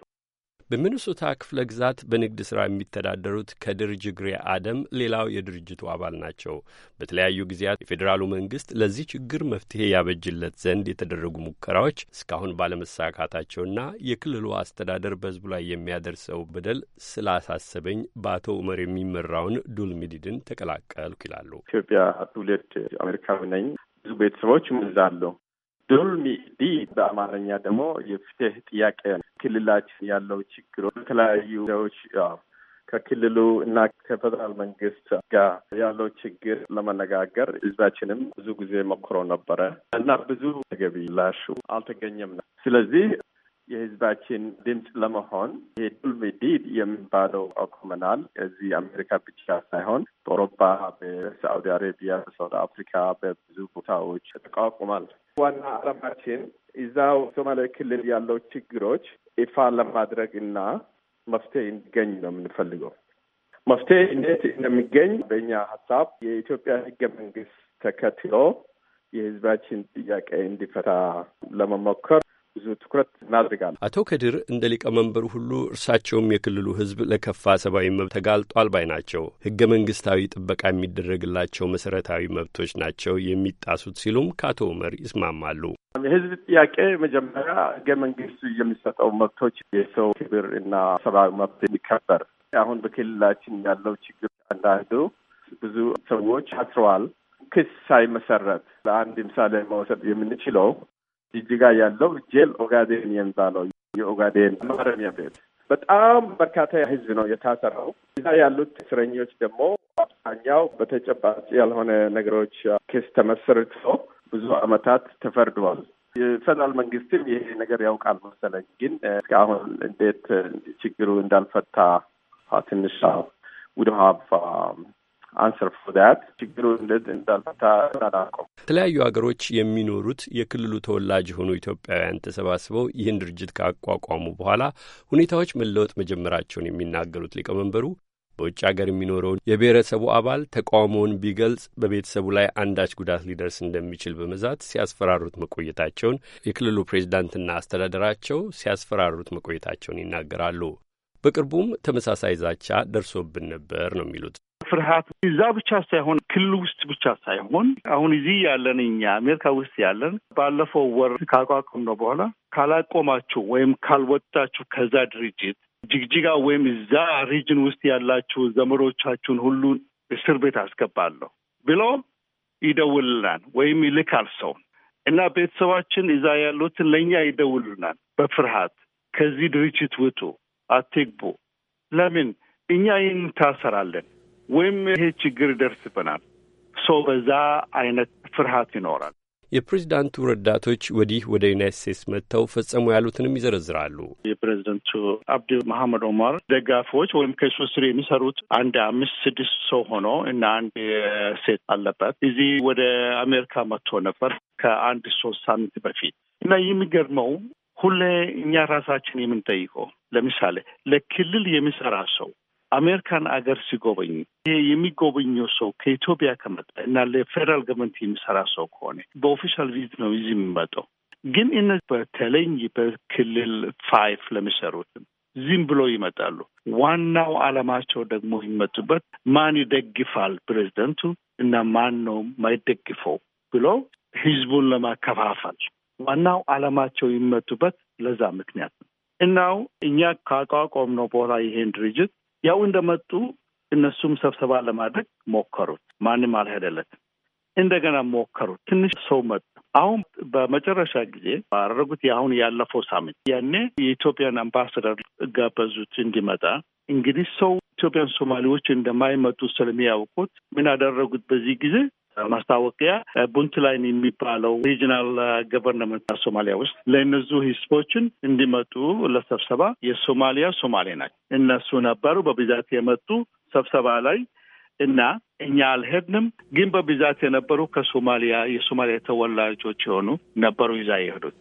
በሚኒሶታ ክፍለ ግዛት በንግድ ሥራ የሚተዳደሩት ከድር ጅግሬ አደም ሌላው የድርጅቱ አባል ናቸው። በተለያዩ ጊዜያት የፌዴራሉ መንግስት ለዚህ ችግር መፍትሄ ያበጅለት ዘንድ የተደረጉ ሙከራዎች እስካሁን ባለመሳካታቸውና የክልሉ አስተዳደር በሕዝቡ ላይ የሚያደርሰው በደል ስላሳሰበኝ በአቶ ዑመር የሚመራውን ዱል ሚዲድን ተቀላቀልኩ ይላሉ። ኢትዮጵያ ትውልድ አሜሪካዊ ነኝ። ብዙ ቤተሰቦች ምንዛለሁ ዶልሚ ዲ በአማርኛ ደግሞ የፍትህ ጥያቄ ክልላችን ያለው ችግሮ በተለያዩ ዎች ከክልሉ እና ከፌደራል መንግስት ጋር ያለው ችግር ለመነጋገር ህዝባችንም ብዙ ጊዜ ሞክሮ ነበረ እና ብዙ ተገቢ ላሹ አልተገኘም ነው። ስለዚህ የህዝባችን ድምፅ ለመሆን ይሄ ዱልሚዲድ የሚባለው አቁመናል። እዚህ አሜሪካ ብቻ ሳይሆን በአውሮፓ፣ በሳዑዲ አረቢያ፣ በሳውት አፍሪካ በብዙ ቦታዎች ተቋቁሟል። ዋና አላማችን እዛው ሶማሌ ክልል ያለው ችግሮች ይፋ ለማድረግ እና መፍትሄ እንዲገኝ ነው የምንፈልገው። መፍትሄ እንዴት እንደሚገኝ በእኛ ሀሳብ የኢትዮጵያ ህገ መንግስት ተከትሎ የህዝባችን ጥያቄ እንዲፈታ ለመሞከር ብዙ ትኩረት እናድርጋለን። አቶ ከድር እንደ ሊቀመንበሩ ሁሉ እርሳቸውም የክልሉ ሕዝብ ለከፋ ሰብአዊ መብት ተጋልጧል ባይ ናቸው። ህገ መንግስታዊ ጥበቃ የሚደረግላቸው መሰረታዊ መብቶች ናቸው የሚጣሱት ሲሉም ከአቶ ኡመር ይስማማሉ። የህዝብ ጥያቄ መጀመሪያ ህገ መንግስቱ የሚሰጠው መብቶች የሰው ክብር እና ሰብአዊ መብት የሚከበር አሁን በክልላችን ያለው ችግር አንዳንዱ ብዙ ሰዎች አስረዋል ክስ ሳይመሰረት ለአንድ ምሳሌ መውሰድ የምንችለው ጅጅጋ ያለው ጄል ኦጋዴን የሚባለው የኦጋዴን ማረሚያ ቤት በጣም በርካታ ህዝብ ነው የታሰረው። እዛ ያሉት እስረኞች ደግሞ አብዛኛው በተጨባጭ ያልሆነ ነገሮች ክስ ተመስርቶ ብዙ አመታት ተፈርደዋል። የፌደራል መንግስትም ይሄ ነገር ያውቃል መሰለኝ፣ ግን እስካሁን እንዴት ችግሩ እንዳልፈታ ትንሽ ውድሃ አንሰር ፎ ዳት ችግሩ እንዳልፈታ የተለያዩ ሀገሮች የሚኖሩት የክልሉ ተወላጅ የሆኑ ኢትዮጵያውያን ተሰባስበው ይህን ድርጅት ካቋቋሙ በኋላ ሁኔታዎች መለወጥ መጀመራቸውን የሚናገሩት ሊቀመንበሩ በውጭ ሀገር የሚኖረውን የብሔረሰቡ አባል ተቃውሞውን ቢገልጽ በቤተሰቡ ላይ አንዳች ጉዳት ሊደርስ እንደሚችል በመዛት ሲያስፈራሩት መቆየታቸውን የክልሉ ፕሬዚዳንትና አስተዳደራቸው ሲያስፈራሩት መቆየታቸውን ይናገራሉ። በቅርቡም ተመሳሳይ ዛቻ ደርሶብን ነበር ነው የሚሉት ፍርሃት እዛ ብቻ ሳይሆን ክልል ውስጥ ብቻ ሳይሆን አሁን እዚህ ያለን እኛ አሜሪካ ውስጥ ያለን ባለፈው ወር ካቋቁም ነው በኋላ ካላቆማችሁ ወይም ካልወጣችሁ ከዛ ድርጅት ጅግጅጋ ወይም እዛ ሪጅን ውስጥ ያላችሁ ዘመዶቻችሁን ሁሉ እስር ቤት አስገባለሁ ብሎ ይደውልናል ወይም ይልካል ሰው እና ቤተሰባችን እዛ ያሉትን ለእኛ ይደውሉናል በፍርሃት ከዚህ ድርጅት ውጡ፣ አትግቡ። ለምን እኛ ይህን ታሰራለን? ወይም ይሄ ችግር ይደርስብናል። ሰው በዛ አይነት ፍርሃት ይኖራል። የፕሬዚዳንቱ ረዳቶች ወዲህ ወደ ዩናይት ስቴትስ መጥተው ፈጸሙ ያሉትንም ይዘረዝራሉ። የፕሬዚደንቱ አብዲ መሐመድ ኦማር ደጋፊዎች ወይም ከሱ ስር የሚሰሩት አንድ አምስት ስድስት ሰው ሆኖ እና አንድ ሴት አለበት እዚህ ወደ አሜሪካ መጥቶ ነበር ከአንድ ሶስት ሳምንት በፊት እና የሚገርመው ሁሌ እኛ ራሳችን የምንጠይቀው ለምሳሌ ለክልል የሚሰራ ሰው አሜሪካን አገር ሲጎበኝ ይሄ የሚጎበኘው ሰው ከኢትዮጵያ ከመጣ እና ለፌደራል ገቨርንመንት የሚሰራ ሰው ከሆነ በኦፊሻል ቪዚት ነው ይዚ የሚመጣው። ግን እነ በተለይ በክልል ፋይፍ ለሚሰሩት ዝም ብሎ ይመጣሉ። ዋናው አላማቸው ደግሞ ይመጡበት ማን ይደግፋል ፕሬዚደንቱ እና ማን ነው ማይደግፈው ብሎ ህዝቡን ለማከፋፈል ዋናው አላማቸው ይመጡበት ለዛ ምክንያት ነው። እናው እኛ ካቋቋም ነው በኋላ ይሄን ድርጅት ያው እንደመጡ እነሱም ሰብሰባ ለማድረግ ሞከሩት። ማንም አልሄደለትም። እንደገና ሞከሩት። ትንሽ ሰው መጡ። አሁን በመጨረሻ ጊዜ ባደረጉት የአሁን ያለፈው ሳምንት ያኔ የኢትዮጵያን አምባሳደር ጋበዙት እንዲመጣ። እንግዲህ ሰው ኢትዮጵያን ሶማሌዎች እንደማይመጡ ስለሚያውቁት ምን አደረጉት በዚህ ጊዜ ማስታወቂያ ቡንት ላይን የሚባለው ሪጂናል ገቨርንመንት ሶማሊያ ውስጥ ለእነዚሁ ህዝቦችን እንዲመጡ ለሰብሰባ የሶማሊያ ሶማሌ ናቸው እነሱ ነበሩ በብዛት የመጡ ስብሰባ ላይ እና እኛ አልሄድንም፣ ግን በብዛት የነበሩ ከሶማሊያ የሶማሊያ ተወላጆች የሆኑ ነበሩ ይዛ የሄዱት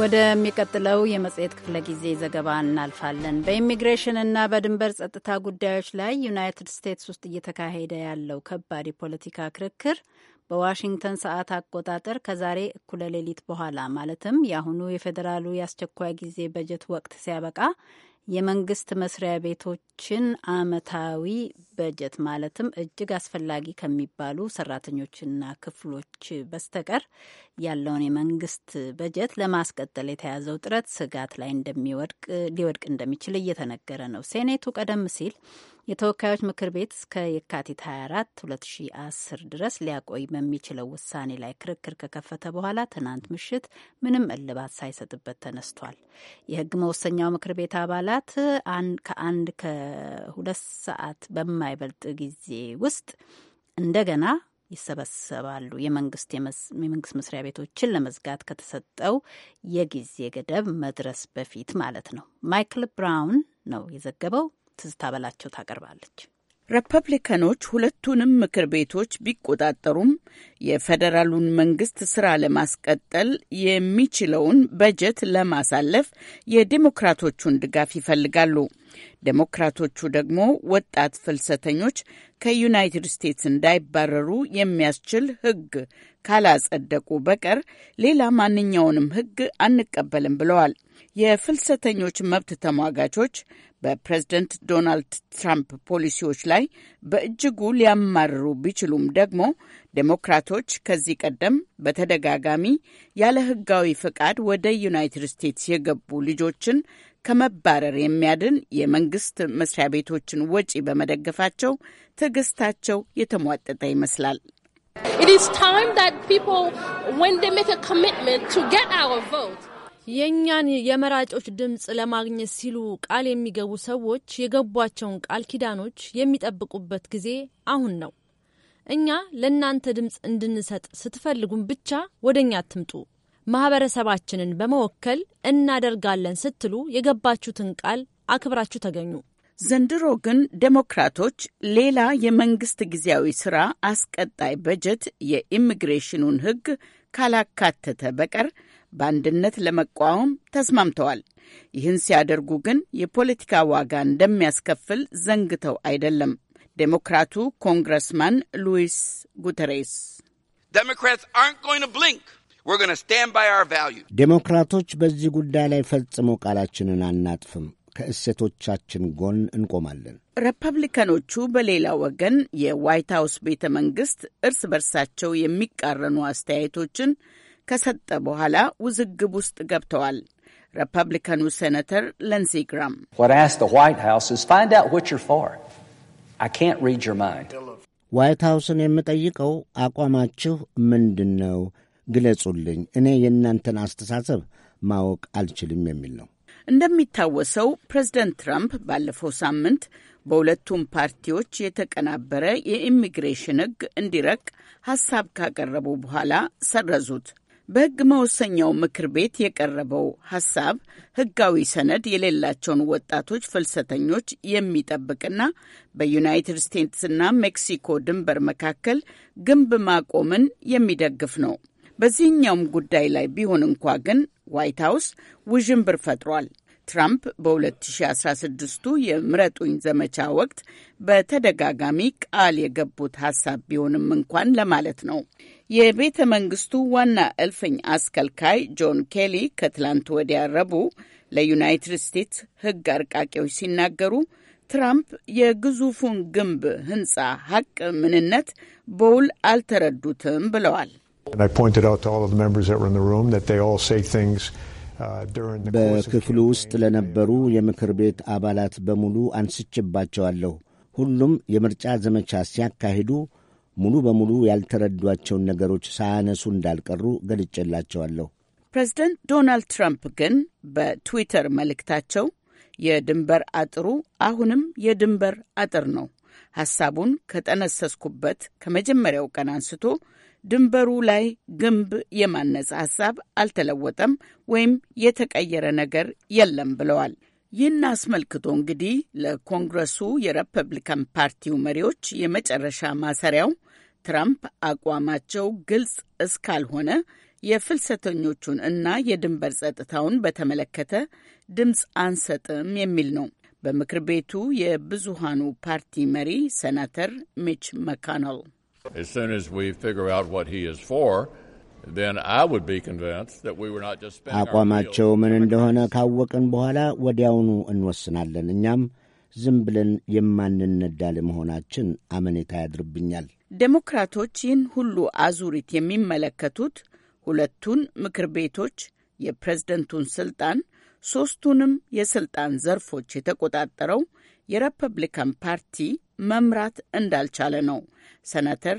ወደሚቀጥለው የመጽሔት ክፍለ ጊዜ ዘገባ እናልፋለን። በኢሚግሬሽን እና በድንበር ጸጥታ ጉዳዮች ላይ ዩናይትድ ስቴትስ ውስጥ እየተካሄደ ያለው ከባድ የፖለቲካ ክርክር በዋሽንግተን ሰዓት አቆጣጠር ከዛሬ እኩለ ሌሊት በኋላ ማለትም የአሁኑ የፌዴራሉ የአስቸኳይ ጊዜ በጀት ወቅት ሲያበቃ የመንግስት መስሪያ ቤቶችን አመታዊ በጀት ማለትም እጅግ አስፈላጊ ከሚባሉ ሰራተኞችና ክፍሎች በስተቀር ያለውን የመንግስት በጀት ለማስቀጠል የተያዘው ጥረት ስጋት ላይ እንደሚወድቅ ሊወድቅ እንደሚችል እየተነገረ ነው። ሴኔቱ ቀደም ሲል የተወካዮች ምክር ቤት እስከ የካቲት 24 2010 ድረስ ሊያቆይ በሚችለው ውሳኔ ላይ ክርክር ከከፈተ በኋላ ትናንት ምሽት ምንም እልባት ሳይሰጥበት ተነስቷል። የህግ መወሰኛው ምክር ቤት አባላት ከአንድ ከሁለት ሰዓት በማይበልጥ ጊዜ ውስጥ እንደገና ይሰበሰባሉ። የመንግስት የመንግስት መስሪያ ቤቶችን ለመዝጋት ከተሰጠው የጊዜ ገደብ መድረስ በፊት ማለት ነው። ማይክል ብራውን ነው የዘገበው። ትዝታ በላቸው ታቀርባለች። ሪፐብሊካኖች ሁለቱንም ምክር ቤቶች ቢቆጣጠሩም የፌዴራሉን መንግስት ስራ ለማስቀጠል የሚችለውን በጀት ለማሳለፍ የዴሞክራቶቹን ድጋፍ ይፈልጋሉ። ዴሞክራቶቹ ደግሞ ወጣት ፍልሰተኞች ከዩናይትድ ስቴትስ እንዳይባረሩ የሚያስችል ሕግ ካላጸደቁ በቀር ሌላ ማንኛውንም ሕግ አንቀበልም ብለዋል። የፍልሰተኞች መብት ተሟጋቾች በፕሬዝደንት ዶናልድ ትራምፕ ፖሊሲዎች ላይ በእጅጉ ሊያማርሩ ቢችሉም ደግሞ ዴሞክራቶች ከዚህ ቀደም በተደጋጋሚ ያለ ሕጋዊ ፍቃድ ወደ ዩናይትድ ስቴትስ የገቡ ልጆችን ከመባረር የሚያድን የመንግስት መስሪያ ቤቶችን ወጪ በመደገፋቸው ትዕግስታቸው የተሟጠጠ ይመስላል። It is time that people, when they make a commitment to get our vote, የእኛን የመራጮች ድምፅ ለማግኘት ሲሉ ቃል የሚገቡ ሰዎች የገቧቸውን ቃል ኪዳኖች የሚጠብቁበት ጊዜ አሁን ነው። እኛ ለእናንተ ድምፅ እንድንሰጥ ስትፈልጉን ብቻ ወደ እኛ አትምጡ። ማኅበረሰባችንን በመወከል እናደርጋለን ስትሉ የገባችሁትን ቃል አክብራችሁ ተገኙ። ዘንድሮ ግን ዴሞክራቶች ሌላ የመንግስት ጊዜያዊ ስራ አስቀጣይ በጀት የኢሚግሬሽኑን ሕግ ካላካተተ በቀር በአንድነት ለመቃወም ተስማምተዋል። ይህን ሲያደርጉ ግን የፖለቲካ ዋጋ እንደሚያስከፍል ዘንግተው አይደለም። ዴሞክራቱ ኮንግረስማን ሉዊስ ጉተሬስ ዴሞክራቶች በዚህ ጉዳይ ላይ ፈጽሞ ቃላችንን አናጥፍም፣ ከእሴቶቻችን ጎን እንቆማለን። ሪፐብሊካኖቹ በሌላ ወገን የዋይት ሀውስ ቤተ መንግስት እርስ በርሳቸው የሚቃረኑ አስተያየቶችን ከሰጠ በኋላ ውዝግብ ውስጥ ገብተዋል። ሪፐብሊካኑ ሴነተር ለንሲ ግራም ዋይት ሃውስን የምጠይቀው አቋማችሁ ምንድን ነው? ግለጹልኝ፣ እኔ የእናንተን አስተሳሰብ ማወቅ አልችልም የሚል ነው። እንደሚታወሰው ፕሬዝደንት ትራምፕ ባለፈው ሳምንት በሁለቱም ፓርቲዎች የተቀናበረ የኢሚግሬሽን ሕግ እንዲረቅ ሐሳብ ካቀረቡ በኋላ ሰረዙት። በሕግ መወሰኛው ምክር ቤት የቀረበው ሐሳብ ሕጋዊ ሰነድ የሌላቸውን ወጣቶች ፍልሰተኞች የሚጠብቅና በዩናይትድ ስቴትስና ሜክሲኮ ድንበር መካከል ግንብ ማቆምን የሚደግፍ ነው። በዚህኛውም ጉዳይ ላይ ቢሆን እንኳ ግን ዋይት ሐውስ ውዥንብር ፈጥሯል። ትራምፕ በ2016ቱ የምረጡኝ ዘመቻ ወቅት በተደጋጋሚ ቃል የገቡት ሐሳብ ቢሆንም እንኳን ለማለት ነው የቤተ መንግስቱ ዋና እልፍኝ አስከልካይ ጆን ኬሊ ከትላንት ወዲያ ረቡዕ ለዩናይትድ ስቴትስ ሕግ አርቃቂዎች ሲናገሩ ትራምፕ የግዙፉን ግንብ ህንፃ ሀቅ ምንነት በውል አልተረዱትም ብለዋል። uh, በክፍሉ ውስጥ ለነበሩ የምክር ቤት አባላት በሙሉ አንስችባቸዋለሁ። ሁሉም የምርጫ ዘመቻ ሲያካሂዱ ሙሉ በሙሉ ያልተረዷቸውን ነገሮች ሳያነሱ እንዳልቀሩ ገልጬላቸዋለሁ። ፕሬዝደንት ዶናልድ ትራምፕ ግን በትዊተር መልእክታቸው የድንበር አጥሩ አሁንም የድንበር አጥር ነው፣ ሐሳቡን ከጠነሰስኩበት ከመጀመሪያው ቀን አንስቶ ድንበሩ ላይ ግንብ የማነጽ ሐሳብ አልተለወጠም ወይም የተቀየረ ነገር የለም ብለዋል። ይህን አስመልክቶ እንግዲህ ለኮንግረሱ የሪፐብሊካን ፓርቲው መሪዎች የመጨረሻ ማሰሪያው ትራምፕ አቋማቸው ግልጽ እስካልሆነ የፍልሰተኞቹን እና የድንበር ጸጥታውን በተመለከተ ድምፅ አንሰጥም የሚል ነው። በምክር ቤቱ የብዙሃኑ ፓርቲ መሪ ሰናተር ሚች መካነል አቋማቸው ምን እንደሆነ ካወቅን በኋላ ወዲያውኑ እንወስናለን። እኛም ዝም ብለን የማንነዳ ለመሆናችን አመኔታ ያድርብኛል። ዴሞክራቶች ይህን ሁሉ አዙሪት የሚመለከቱት ሁለቱን ምክር ቤቶች፣ የፕሬዝደንቱን ስልጣን፣ ሦስቱንም የስልጣን ዘርፎች የተቆጣጠረው የሪፐብሊካን ፓርቲ መምራት እንዳልቻለ ነው። ሰነተር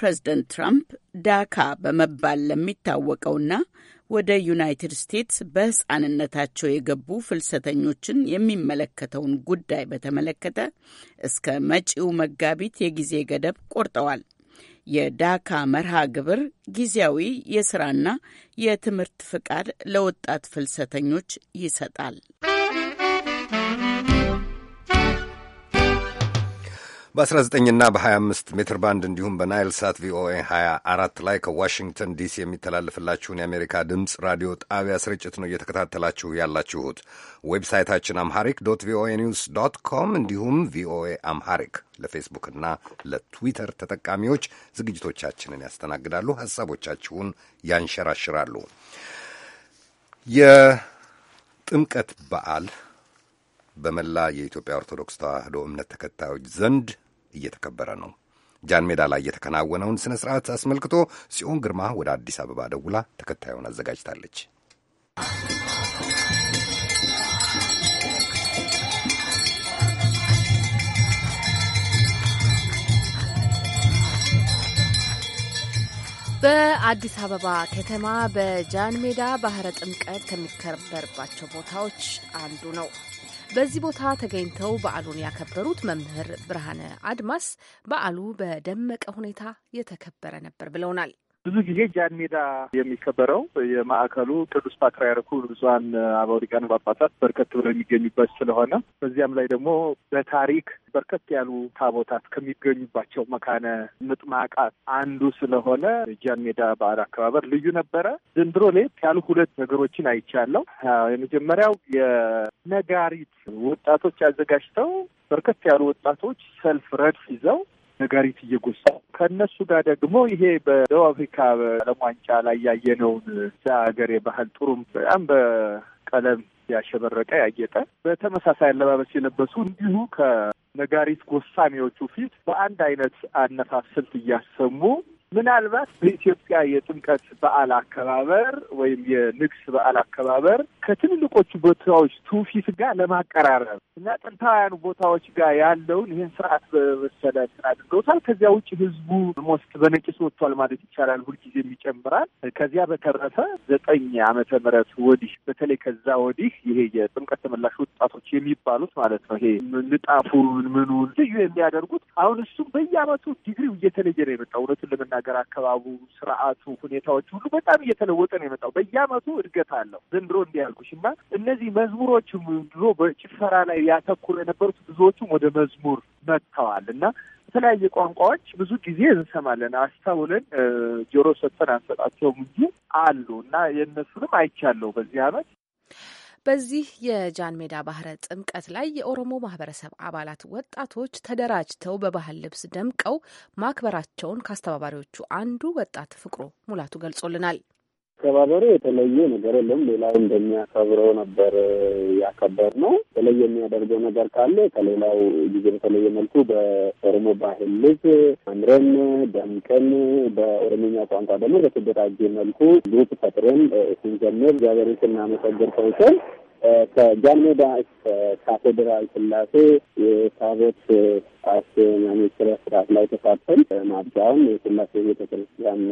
ፕሬዝደንት ትራምፕ ዳካ በመባል ለሚታወቀውና ወደ ዩናይትድ ስቴትስ በሕፃንነታቸው የገቡ ፍልሰተኞችን የሚመለከተውን ጉዳይ በተመለከተ እስከ መጪው መጋቢት የጊዜ ገደብ ቆርጠዋል። የዳካ መርሃ ግብር ጊዜያዊ የስራና የትምህርት ፍቃድ ለወጣት ፍልሰተኞች ይሰጣል። በ19ና በ25 ሜትር ባንድ እንዲሁም በናይል ሳት ቪኦኤ 24 ላይ ከዋሽንግተን ዲሲ የሚተላለፍላችሁን የአሜሪካ ድምፅ ራዲዮ ጣቢያ ስርጭት ነው እየተከታተላችሁ ያላችሁት። ዌብሳይታችን አምሃሪክ ዶት ቪኦኤ ኒውስ ዶት ኮም እንዲሁም ቪኦኤ አምሃሪክ ለፌስቡክና ለትዊተር ተጠቃሚዎች ዝግጅቶቻችንን ያስተናግዳሉ፣ ሐሳቦቻችሁን ያንሸራሽራሉ። የጥምቀት በዓል በመላ የኢትዮጵያ ኦርቶዶክስ ተዋሕዶ እምነት ተከታዮች ዘንድ እየተከበረ ነው። ጃን ሜዳ ላይ የተከናወነውን ስነ ስርዓት አስመልክቶ ጽዮን ግርማ ወደ አዲስ አበባ ደውላ ተከታዩን አዘጋጅታለች። በአዲስ አበባ ከተማ በጃን ሜዳ ባህረ ጥምቀት ከሚከበርባቸው ቦታዎች አንዱ ነው። በዚህ ቦታ ተገኝተው በዓሉን ያከበሩት መምህር ብርሃነ አድማስ በዓሉ በደመቀ ሁኔታ የተከበረ ነበር ብለውናል። ብዙ ጊዜ ጃን ሜዳ የሚከበረው የማዕከሉ ቅዱስ ፓትርያርኩ ብዙሀን አበው ሊቃነ ጳጳሳት በርከት ብለው የሚገኙበት ስለሆነ በዚያም ላይ ደግሞ በታሪክ በርከት ያሉ ታቦታት ከሚገኙባቸው መካነ ምጥማቃት አንዱ ስለሆነ ጃን ሜዳ በዓል አከባበር ልዩ ነበረ። ዘንድሮ ለየት ያሉ ሁለት ነገሮችን አይቻለሁ። የመጀመሪያው የነጋሪት ወጣቶች አዘጋጅተው በርከት ያሉ ወጣቶች ሰልፍ ረድፍ ይዘው ነጋሪት እየጎሳ ከእነሱ ጋር ደግሞ ይሄ በደቡብ አፍሪካ በዓለም ዋንጫ ላይ ያየነውን እዛ ሀገር የባህል ጥሩም በጣም በቀለም ያሸበረቀ ያጌጠ በተመሳሳይ አለባበስ የለበሱ እንዲሁ ከነጋሪት ጎሳሚዎቹ ፊት በአንድ አይነት አነፋፍ ስልት እያሰሙ ምናልባት በኢትዮጵያ የጥምቀት በዓል አከባበር ወይም የንግስ በዓል አከባበር ከትልልቆቹ ቦታዎች ትውፊት ጋር ለማቀራረብ እና ጥንታውያኑ ቦታዎች ጋር ያለውን ይህን ስርዓት በመሰለ እንትን አድርገውታል። ከዚያ ውጭ ህዝቡ ሞስት በነቂስ ወጥቷል ማለት ይቻላል። ሁልጊዜም ይጨምራል። ከዚያ በተረፈ ዘጠኝ ዓመተ ምህረት ወዲህ በተለይ ከዛ ወዲህ ይሄ የጥምቀት ተመላሽ ወጣቶች የሚባሉት ማለት ነው። ይሄ ንጣፉን ምኑን ልዩ የሚያደርጉት አሁን እሱም በየዓመቱ ዲግሪው እየተለየ ነው የመጣ እውነቱን ለመናገር አነጋገር፣ አካባቡ፣ ስርዓቱ፣ ሁኔታዎች ሁሉ በጣም እየተለወጠ ነው የመጣው። በየአመቱ እድገት አለው። ዘንድሮ እንዲህ ያልኩሽ እና እነዚህ መዝሙሮች ድሮ በጭፈራ ላይ ያተኩሩ የነበሩት ብዙዎቹም ወደ መዝሙር መጥተዋል እና የተለያየ ቋንቋዎች ብዙ ጊዜ እንሰማለን። አስተውለን ጆሮ ሰጥተን አንሰጣቸውም እንጂ አሉ እና የእነሱንም አይቻለሁ በዚህ አመት በዚህ የጃን ሜዳ ባህረ ጥምቀት ላይ የኦሮሞ ማህበረሰብ አባላት ወጣቶች ተደራጅተው በባህል ልብስ ደምቀው ማክበራቸውን ከአስተባባሪዎቹ አንዱ ወጣት ፍቅሮ ሙላቱ ገልጾልናል። አከባበሩ የተለየ ነገር የለም። ሌላው እንደሚያከብረው ነበር ያከበር ነው። የተለየ የሚያደርገው ነገር ካለ ከሌላው ጊዜ በተለየ መልኩ በኦሮሞ ባህል ልጅ አምረን ደምቀን በኦሮሞኛ ቋንቋ ደግሞ በተደራጀ መልኩ ግሩፕ ፈጥረን ስንጀምር እግዚአብሔርን ስናመሰግር ሰውሰን ከጃንሜዳ እስከ ካቴድራል ስላሴ የታቦት አስማሚ ስርዓት ላይ ተሳተን ማብቻውን የስላሴ ቤተክርስቲያን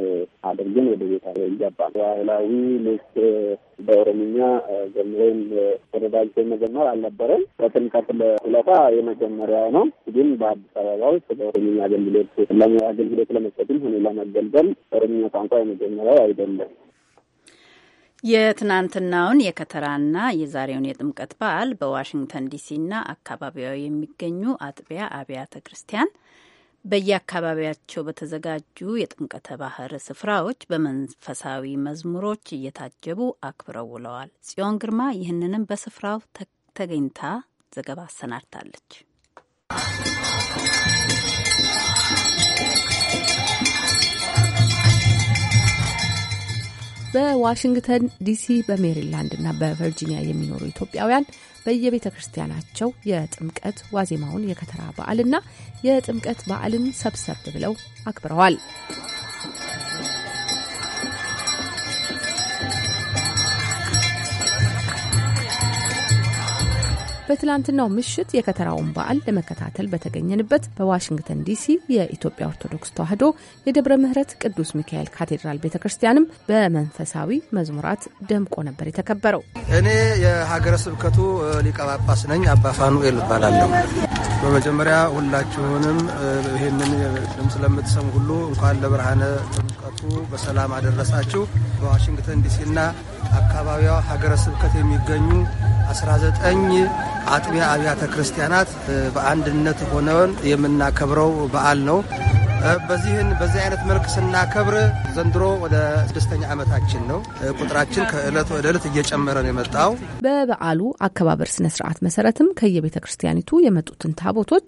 አድርገን ወደ ቤታ ይገባል። ባህላዊ ልብስ በኦሮምኛ ዘምሬን ተደራጅቶ መጀመር አልነበረም። በጥምቀት ለሁለታ የመጀመሪያው ነው። ግን በአዲስ አበባ ውስጥ በኦሮምኛ አገልግሎት አገልግሎት ለመስጠትም ሆነ ለመገልገል ኦሮምኛ ቋንቋ የመጀመሪያው አይደለም። የትናንትናውን የከተራና የዛሬውን የጥምቀት በዓል በዋሽንግተን ዲሲና አካባቢዋ የሚገኙ አጥቢያ አብያተ ክርስቲያን በየአካባቢያቸው በተዘጋጁ የጥምቀተ ባህር ስፍራዎች በመንፈሳዊ መዝሙሮች እየታጀቡ አክብረው ውለዋል። ጽዮን ግርማ ይህንንም በስፍራው ተገኝታ ዘገባ አሰናድታለች። በዋሽንግተን ዲሲ በሜሪላንድ እና በቨርጂኒያ የሚኖሩ ኢትዮጵያውያን በየቤተ ክርስቲያናቸው የጥምቀት ዋዜማውን የከተራ በዓልና የጥምቀት በዓልን ሰብሰብ ብለው አክብረዋል። በትላንትናው ምሽት የከተራውን በዓል ለመከታተል በተገኘንበት በዋሽንግተን ዲሲ የኢትዮጵያ ኦርቶዶክስ ተዋሕዶ የደብረ ምሕረት ቅዱስ ሚካኤል ካቴድራል ቤተ ክርስቲያንም በመንፈሳዊ መዝሙራት ደምቆ ነበር የተከበረው። እኔ የሀገረ ስብከቱ ሊቀ ነኝ። አባ ፋኑኤል እባላለሁ። በመጀመሪያ ሁላችሁንም ይህንን ድምፅ ለምትሰሙ ሁሉ እንኳን ለብርሃነ ጥምቀቱ በሰላም አደረሳችሁ። በዋሽንግተን ዲሲና አካባቢዋ ሀገረ ስብከት የሚገኙ 19 አጥቢያ አብያተ ክርስቲያናት በአንድነት ሆነን የምናከብረው በዓል ነው። በዚህን በዚህ አይነት መልክ ስናከብር ዘንድሮ ወደ ስድስተኛ ዓመታችን ነው። ቁጥራችን ከእለት ወደ እለት እየጨመረ ነው የመጣው። በበዓሉ አከባበር ስነ ስርዓት መሰረትም ከየቤተ ክርስቲያኒቱ የመጡትን ታቦቶች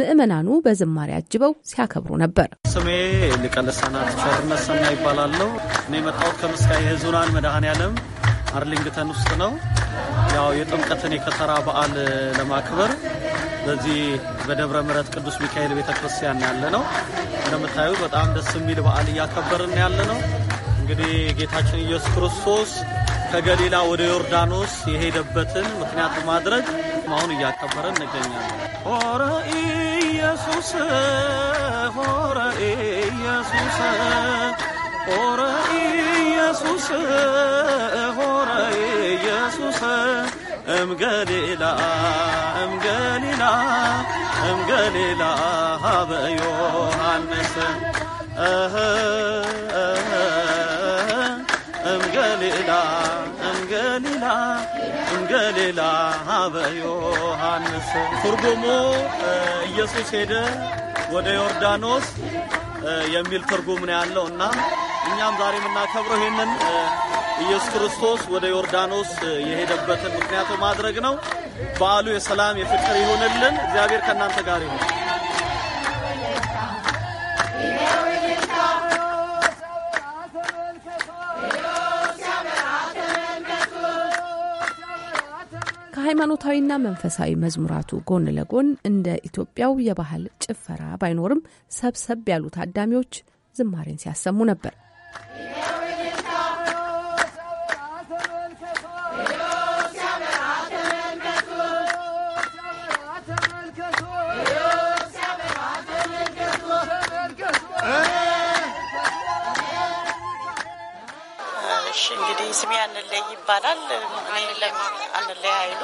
ምእመናኑ በዝማሬ አጅበው ሲያከብሩ ነበር። ስሜ ሊቀለሰና ቸርነት ይባላለሁ። እኔ የመጣሁት ከመስቃየ ኅዙናን መድኃኔዓለም አርሊንግተን ውስጥ ነው። ያው የጥምቀትን የከተራ በዓል ለማክበር በዚህ በደብረ ምረት ቅዱስ ሚካኤል ቤተክርስቲያን ክርስቲያን ያለ ነው። እንደምታዩት በጣም ደስ የሚል በዓል እያከበርን ያለ ነው። እንግዲህ ጌታችን ኢየሱስ ክርስቶስ ከገሊላ ወደ ዮርዳኖስ የሄደበትን ምክንያት በማድረግ አሁን እያከበረ እንገኛለን። ሆረ ኢየሱስ ሆረ ኢየሱስ ሆረ ኢየሱስ ሆረ ኢየሱስ ام ገሊላ ام ሀበ ዮሐንስ ام ገሊላ ሀበ ዮሐንስ ትርጉሙ ኢየሱስ ሄደ ወደ ዮርዳኖስ የሚል ትርጉም ነው ያለው እና እኛም ዛሬ የምናከብረው ይህንን ኢየሱስ ክርስቶስ ወደ ዮርዳኖስ የሄደበትን ምክንያት ማድረግ ነው። በዓሉ የሰላም የፍቅር ይሆንልን እግዚአብሔር ከእናንተ ጋር ይሁን። ሃይማኖታዊና መንፈሳዊ መዝሙራቱ ጎን ለጎን እንደ ኢትዮጵያው የባህል ጭፈራ ባይኖርም ሰብሰብ ያሉ ታዳሚዎች ዝማሬን ሲያሰሙ ነበር። ስሜ አንለይ ይባላል። አንለይ ኃይሉ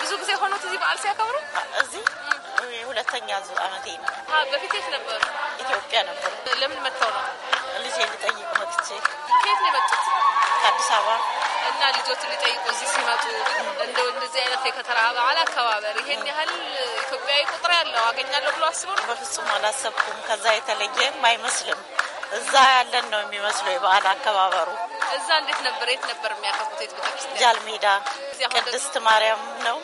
ብዙ ጊዜ ሆኖት እዚህ በዓል ሲያከብሩ እዚህ ሁለተኛ ዓመቴ ነው። በፊት የት ነበሩ? ኢትዮጵያ ነበሩ። ለምን መጥተው ነው? ልጄ ልጠይቅ መጥቼ። ከየት ነው የመጡት? ከአዲስ አበባ እና ልጆቹ ሊጠይቁ እዚህ ሲመጡ እንደው እንደዚህ አይነት የከተራ በዓል አከባበር ይሄን ያህል ኢትዮጵያዊ ቁጥር ያለው አገኛለሁ ብሎ አስቡ ነው? በፍጹም አላሰብኩም። ከዛ የተለየም አይመስልም። እዛ ያለን ነው የሚመስለው የበዓል አከባበሩ እዛ እንዴት ነበር? የት ነበር የሚያከብሩት? የት ቤተክርስቲያን? ጃልሜዳ ቅድስት ማርያም ነው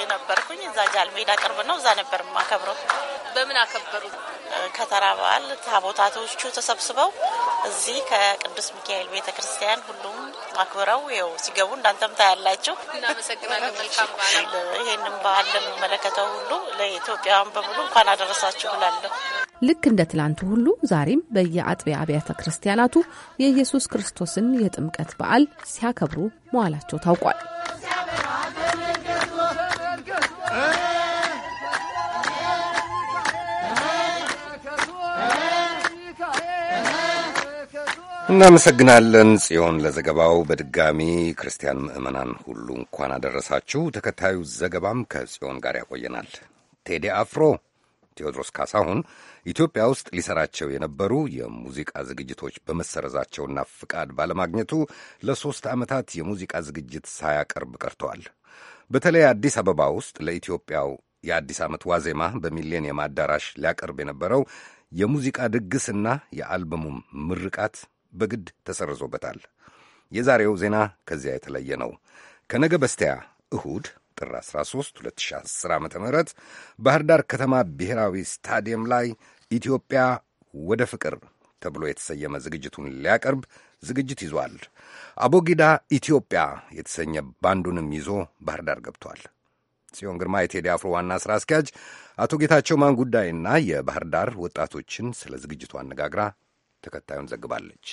የነበርኩኝ። እዛ ጃልሜዳ ቅርብ ነው። እዛ ነበር የማከብረው። በምን አከበሩ? ከተራ በዓል ታቦታቶቹ ተሰብስበው እዚህ ከቅዱስ ሚካኤል ቤተ ክርስቲያን ሁሉም አክብረው ው ሲገቡ እንዳንተም ታያላችሁ። እናመሰግናለን። መልካም በዓል። ይህንም በዓል ለሚመለከተው ሁሉ ለኢትዮጵያውያን በሙሉ እንኳን አደረሳችሁ ብላለሁ። ልክ እንደ ትላንቱ ሁሉ ዛሬም በየአጥቢያ አብያተ ክርስቲያናቱ የኢየሱስ ክርስቶስን የጥምቀት በዓል ሲያከብሩ መዋላቸው ታውቋል። እናመሰግናለን ጽዮን ለዘገባው። በድጋሚ ክርስቲያን ምዕመናን ሁሉ እንኳን አደረሳችሁ። ተከታዩ ዘገባም ከጽዮን ጋር ያቆየናል። ቴዲ አፍሮ ቴዎድሮስ ካሳሁን ኢትዮጵያ ውስጥ ሊሰራቸው የነበሩ የሙዚቃ ዝግጅቶች በመሰረዛቸውና ፍቃድ ባለማግኘቱ ለሦስት ዓመታት የሙዚቃ ዝግጅት ሳያቀርብ ቀርተዋል። በተለይ አዲስ አበባ ውስጥ ለኢትዮጵያው የአዲስ ዓመት ዋዜማ በሚሌኒየም አዳራሽ ሊያቀርብ የነበረው የሙዚቃ ድግስና የአልበሙም ምርቃት በግድ ተሰርዞበታል። የዛሬው ዜና ከዚያ የተለየ ነው። ከነገ በስቲያ እሁድ ጥር 13 2010 ዓ ም ባህር ዳር ከተማ ብሔራዊ ስታዲየም ላይ ኢትዮጵያ ወደ ፍቅር ተብሎ የተሰየመ ዝግጅቱን ሊያቀርብ ዝግጅት ይዟል። አቦጊዳ ኢትዮጵያ የተሰኘ ባንዱንም ይዞ ባህር ዳር ገብቷል። ጽዮን ግርማ የቴዲ አፍሮ ዋና ሥራ አስኪያጅ አቶ ጌታቸው ማን ጉዳይና የባህር ዳር ወጣቶችን ስለ ዝግጅቱ አነጋግራ ተከታዩን ዘግባለች።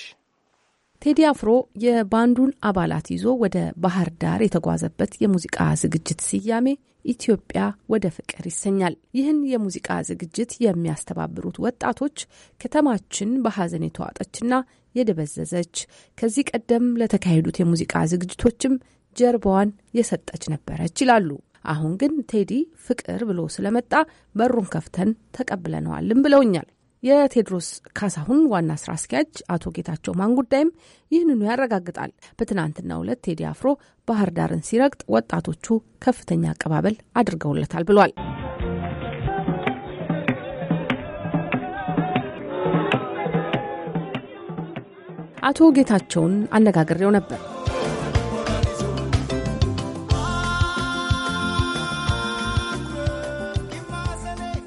ቴዲ አፍሮ የባንዱን አባላት ይዞ ወደ ባህር ዳር የተጓዘበት የሙዚቃ ዝግጅት ስያሜ ኢትዮጵያ ወደ ፍቅር ይሰኛል። ይህን የሙዚቃ ዝግጅት የሚያስተባብሩት ወጣቶች ከተማችን በሐዘን የተዋጠችና የደበዘዘች ከዚህ ቀደም ለተካሄዱት የሙዚቃ ዝግጅቶችም ጀርባዋን የሰጠች ነበረች ይላሉ። አሁን ግን ቴዲ ፍቅር ብሎ ስለመጣ በሩን ከፍተን ተቀብለነዋልም ብለውኛል። የቴድሮስ ካሳሁን ዋና ስራ አስኪያጅ አቶ ጌታቸው ማን ጉዳይም ይህንኑ ያረጋግጣል። በትናንትናው ዕለት ቴዲ አፍሮ ባህር ዳርን ሲረግጥ ወጣቶቹ ከፍተኛ አቀባበል አድርገውለታል ብሏል። አቶ ጌታቸውን አነጋግሬው ነበር።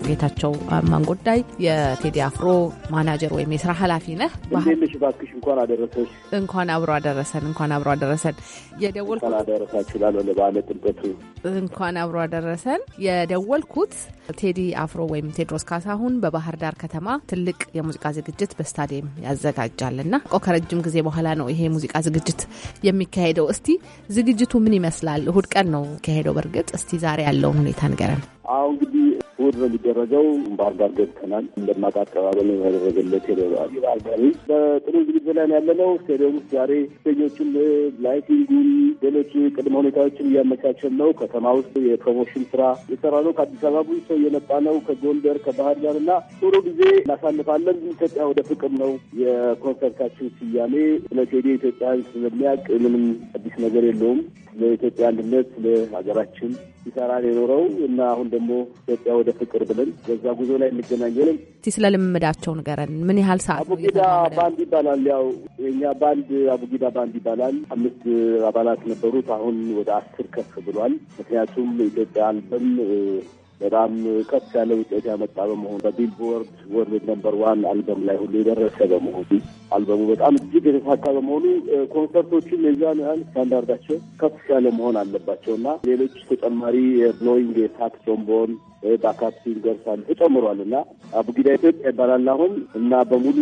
ጌታቸው ማንጎዳይ የቴዲ አፍሮ ማናጀር ወይም የስራ ኃላፊ ነህ። እንዴለሽ እንኳን አደረሰሽ። እንኳን አብሮ አደረሰን። እንኳን አብሮ አደረሰን። የደወልኩት አደረሳችሁ ለበዓለ ጥምቀቱ እንኳን አብሮ አደረሰን። የደወልኩት ቴዲ አፍሮ ወይም ቴድሮስ ካሳሁን በባህር ዳር ከተማ ትልቅ የሙዚቃ ዝግጅት በስታዲየም ያዘጋጃል እና ከረጅም ጊዜ በኋላ ነው ይሄ የሙዚቃ ዝግጅት የሚካሄደው። እስቲ ዝግጅቱ ምን ይመስላል? እሁድ ቀን ነው ከሄደው። በእርግጥ እስቲ ዛሬ ያለውን ሁኔታ ንገረን። አሁ እንግዲህ ውድ በሚደረገው ባህር ዳር ገብተናል። እንደማቃ አቀባበል ያደረገለት ሄደዋል። በጥሩ ዝግጅት ላይ ያለ ነው። ስቴዲየም ውስጥ ዛሬ ስቴጆችን፣ ላይቲንጉን፣ ሌሎች ቅድመ ሁኔታዎችን እያመቻቸን ነው። ከተማ ውስጥ የፕሮሞሽን ስራ የሰራ ነው። ከአዲስ አበባ ብዙ ሰው እየመጣ ነው። ከጎንደር ከባህር ዳር እና ጥሩ ጊዜ እናሳልፋለን። ኢትዮጵያ ወደ ፍቅር ነው የኮንሰርታችን ስያሜ። ስለ ቴዲ ኢትዮጵያን ስለሚያውቅ ምንም አዲስ ነገር የለውም። ለኢትዮጵያ አንድነት፣ ለሀገራችን ሲሰራ የኖረው እና አሁን ደግሞ ኢትዮጵያ ወደ ፍቅር ብለን በዛ ጉዞ ላይ እንገናኘንም። እስቲ ስለ ልምምዳቸው ንገረን። ምን ያህል ሰዓት? አቡጊዳ ባንድ ይባላል። ያው የኛ ባንድ አቡጊዳ ባንድ ይባላል። አምስት አባላት ነበሩት። አሁን ወደ አስር ከፍ ብሏል። ምክንያቱም ኢትዮጵያ አልበም በጣም ቀስ ያለ ውጤት ያመጣ በመሆኑ በቢልቦርድ ወርልድ ነምበር ዋን አልበም ላይ ሁሉ የደረሰ በመሆኑ አልበሙ በጣም እጅግ የተሳካ በመሆኑ ኮንሰርቶቹም የዛን ያህል ስታንዳርዳቸው ከፍ ያለ መሆን አለባቸው እና ሌሎች ተጨማሪ የብሎይንግ የሳክስ trombone በአካት ሲንገርስ ተጨምሯል እና አቡጊዳ ኢትዮጵያ ይባላል አሁን እና በሙሉ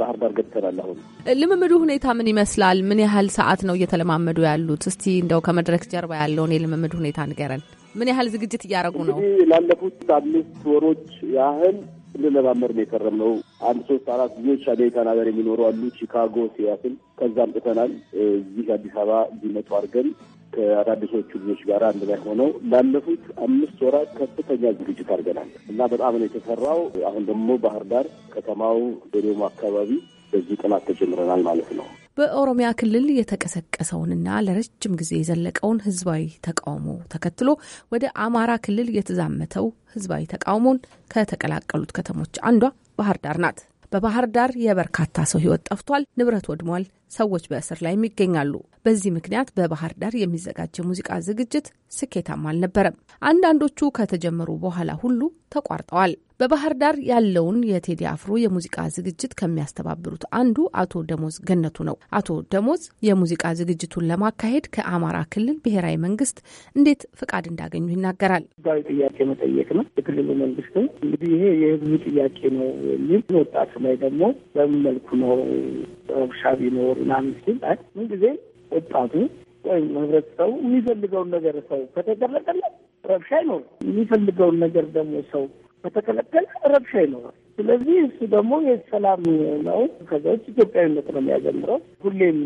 ባህር ዳር ገብተናል። አሁን ልምምዱ ሁኔታ ምን ይመስላል? ምን ያህል ሰዓት ነው እየተለማመዱ ያሉት? እስቲ እንደው ከመድረክ ጀርባ ያለውን የልምምድ ሁኔታ ንገረን። ምን ያህል ዝግጅት እያደረጉ ነው? እንግዲህ ላለፉት አምስት ወሮች ያህል ስንለማመር ነው የከረም ነው። አንድ ሶስት አራት ልጆች አሜሪካን ሀገር የሚኖሩ አሉ፣ ቺካጎ፣ ሲያትል። ከዛም ጥተናል እዚህ አዲስ አበባ እንዲመጡ አድርገን ከአዳዲሶቹ ልጆች ጋር አንድ ላይ ሆነው ላለፉት አምስት ወራት ከፍተኛ ዝግጅት አድርገናል እና በጣም ነው የተሰራው። አሁን ደግሞ ባህር ዳር ከተማው ዶዶም አካባቢ በዚህ ጥናት ተጀምረናል ማለት ነው። በኦሮሚያ ክልል የተቀሰቀሰውንና ለረጅም ጊዜ የዘለቀውን ህዝባዊ ተቃውሞ ተከትሎ ወደ አማራ ክልል የተዛመተው ህዝባዊ ተቃውሞን ከተቀላቀሉት ከተሞች አንዷ ባህር ዳር ናት። በባህር ዳር የበርካታ ሰው ህይወት ጠፍቷል፣ ንብረት ወድሟል፣ ሰዎች በእስር ላይ ይገኛሉ። በዚህ ምክንያት በባህር ዳር የሚዘጋጅ የሙዚቃ ዝግጅት ስኬታማ አልነበረም። አንዳንዶቹ ከተጀመሩ በኋላ ሁሉ ተቋርጠዋል። በባህር ዳር ያለውን የቴዲ አፍሮ የሙዚቃ ዝግጅት ከሚያስተባብሩት አንዱ አቶ ደሞዝ ገነቱ ነው። አቶ ደሞዝ የሙዚቃ ዝግጅቱን ለማካሄድ ከአማራ ክልል ብሔራዊ መንግስት እንዴት ፍቃድ እንዳገኙ ይናገራል። ህጋዊ ጥያቄ መጠየቅ ነው የክልሉ መንግስት። እንግዲህ ይሄ የህዝቡ ጥያቄ ነው የሚል ወጣቱ ላይ ደግሞ በምን መልኩ ነው ረብሻ ቢኖር ምናምን ሲል ምንጊዜ ወጣቱ ወይም ህብረተሰቡ የሚፈልገውን ነገር ሰው ከተደረገለት ረብሻ አይኖርም። የሚፈልገውን ነገር ደግሞ ሰው ከተከለከለ ረብሻ ይኖራል። ስለዚህ እሱ ደግሞ የሰላም ነው። ከዛ ውጭ ኢትዮጵያዊነት ነው የሚያዘምረው። ሁሌም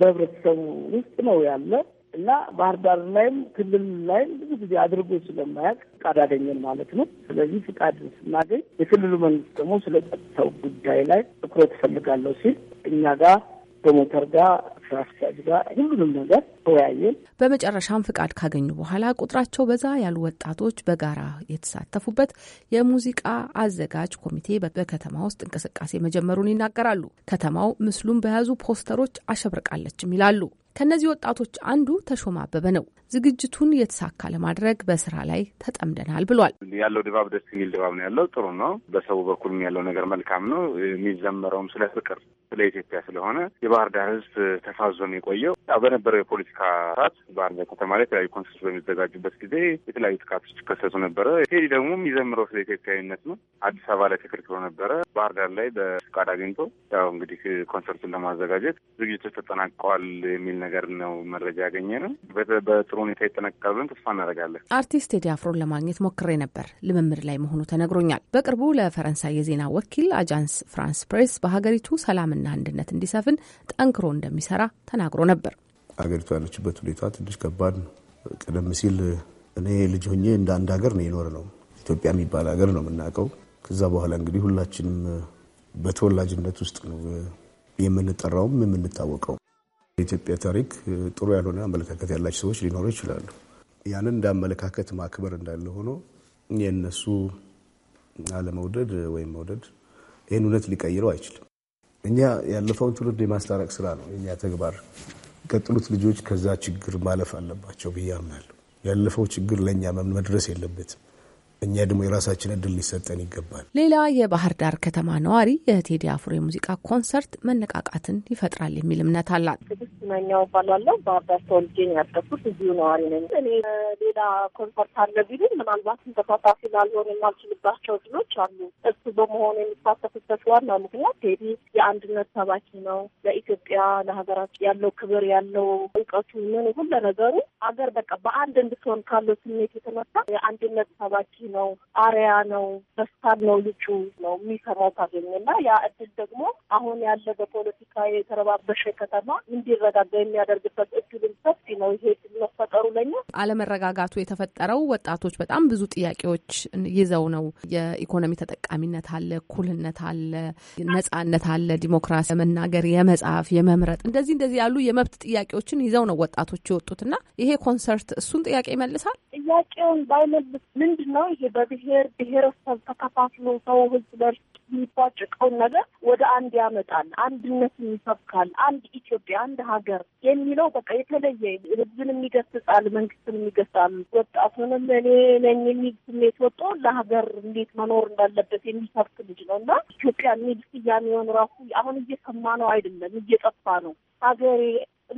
በህብረተሰቡ ውስጥ ነው ያለ እና ባህር ዳር ላይም ክልል ላይም ብዙ ጊዜ አድርጎ ስለማያውቅ ፍቃድ አገኘን ማለት ነው። ስለዚህ ፍቃድ ስናገኝ የክልሉ መንግስት ደግሞ ስለ ጸጥታው ጉዳይ ላይ ትኩረት እፈልጋለሁ ሲል እኛ ጋር በሞተር ጋር ስራ አስኪያጅ ጋር ሁሉንም ነገር ተወያየን። በመጨረሻም ፍቃድ ካገኙ በኋላ ቁጥራቸው በዛ ያሉ ወጣቶች በጋራ የተሳተፉበት የሙዚቃ አዘጋጅ ኮሚቴ በከተማ ውስጥ እንቅስቃሴ መጀመሩን ይናገራሉ። ከተማው ምስሉን በያዙ ፖስተሮች አሸብርቃለችም ይላሉ። ከእነዚህ ወጣቶች አንዱ ተሾማ አበበ ነው። ዝግጅቱን የተሳካ ለማድረግ በስራ ላይ ተጠምደናል ብሏል። ያለው ድባብ ደስ የሚል ድባብ ነው ያለው። ጥሩ ነው። በሰው በኩል ያለው ነገር መልካም ነው። የሚዘመረውም ስለ ፍቅር፣ ስለ ኢትዮጵያ ስለሆነ የባህር ዳር ህዝብ ተፋዞ ነው የቆየው። በነበረው የፖለቲካ ሰዓት ባህር ዳር ከተማ ላይ የተለያዩ ኮንሰርት በሚዘጋጁበት ጊዜ የተለያዩ ጥቃቶች ይከሰቱ ነበረ። ቴዲ ደግሞ የሚዘምረው ስለ ኢትዮጵያዊነት ነው። አዲስ አበባ ላይ ተከልክሎ ነበረ። ባህር ዳር ላይ በፍቃድ አግኝቶ ያው እንግዲህ ኮንሰርቱን ለማዘጋጀት ዝግጅቶች ተጠናቀዋል የሚል ነገር ነው መረጃ ያገኘ ነው። በጥሩ ሁኔታ ይጠነቀቃል ብለን ተስፋ እናደርጋለን። አርቲስት ቴዲ አፍሮን ለማግኘት ሞክሬ ነበር። ልምምድ ላይ መሆኑ ተነግሮኛል። በቅርቡ ለፈረንሳይ የዜና ወኪል አጃንስ ፍራንስ ፕሬስ በሀገሪቱ ሰላምና አንድነት እንዲሰፍን ጠንክሮ እንደሚሰራ ተናግሮ ነበር። ሀገሪቱ ያለችበት ሁኔታ ትንሽ ከባድ ነው። ቀደም ሲል እኔ ልጅ ሆኜ እንደ አንድ ሀገር ነው የኖር ነው ኢትዮጵያ የሚባል ሀገር ነው የምናውቀው። ከዛ በኋላ እንግዲህ ሁላችንም በተወላጅነት ውስጥ ነው የምንጠራውም የምንታወቀው የኢትዮጵያ ታሪክ ጥሩ ያልሆነ አመለካከት ያላቸው ሰዎች ሊኖሩ ይችላሉ። ያንን እንደ አመለካከት ማክበር እንዳለ ሆኖ የእነሱ አለመውደድ ወይም መውደድ ይህን እውነት ሊቀይረው አይችልም። እኛ ያለፈውን ትውልድ የማስታረቅ ስራ ነው የኛ ተግባር። ቀጥሉት ልጆች ከዛ ችግር ማለፍ አለባቸው ብዬ አምናለሁ። ያለፈው ችግር ለእኛ መድረስ የለበትም። እኛ ደግሞ የራሳችን እድል ሊሰጠን ይገባል። ሌላ የባህር ዳር ከተማ ነዋሪ የቴዲ አፍሮ የሙዚቃ ኮንሰርት መነቃቃትን ይፈጥራል የሚል እምነት አላት። ትግስት መኛው ባሏለው ባህር ዳር ተወልጄ ነው ያደኩት። እዚሁ ነዋሪ ነኝ። እኔ ሌላ ኮንሰርት አለ ቢሉኝ ምናልባትም ተሳታፊ ላልሆን የማልችልባቸው እድሎች አሉ። እሱ በመሆኑ የሚሳተፍበት ዋና ምክንያት ቴዲ የአንድነት ሰባኪ ነው። ለኢትዮጵያ ለሀገራችን ያለው ክብር ያለው እውቀቱ ምን ሁሉ ነገሩ አገር በቃ በአንድ እንድትሆን ካለው ስሜት የተነሳ የአንድነት ሰባኪ ነው፣ አሪያ ነው፣ በስታን ነው፣ ልጁ ነው የሚሰራው ካገኘ እና ያ እድል ደግሞ አሁን ያለ በፖለቲካ የተረባበሸ ከተማ እንዲረጋጋ የሚያደርግበት እድልም ሰፊ ነው። ይሄ እድል መፈጠሩ ለኛ አለመረጋጋቱ የተፈጠረው ወጣቶች በጣም ብዙ ጥያቄዎች ይዘው ነው። የኢኮኖሚ ተጠቃሚነት አለ፣ እኩልነት አለ፣ ነጻነት አለ፣ ዲሞክራሲ፣ የመናገር የመጻፍ፣ የመምረጥ እንደዚህ እንደዚህ ያሉ የመብት ጥያቄዎችን ይዘው ነው ወጣቶች የወጡትና ይሄ ኮንሰርት እሱን ጥያቄ ይመልሳል። ጥያቄውን ባይመልስ ምንድን ነው ይሄ በብሔር ብሔረሰብ ተከፋፍሎ ሰው ህዝብ በርስ የሚቧጭቀውን ነገር ወደ አንድ ያመጣል። አንድነትን ይሰብካል። አንድ ኢትዮጵያ፣ አንድ ሀገር የሚለው በቃ የተለየ ህዝብን የሚገስጻል፣ መንግስትን የሚገስጻል። ወጣት እኔ ነኝ የሚል ስሜት ወጦ ለሀገር እንዴት መኖር እንዳለበት የሚሰብክ ልጅ ነው እና ኢትዮጵያ የሚል ስያሜውን ራሱ አሁን እየሰማ ነው አይደለም፣ እየጠፋ ነው ሀገሬ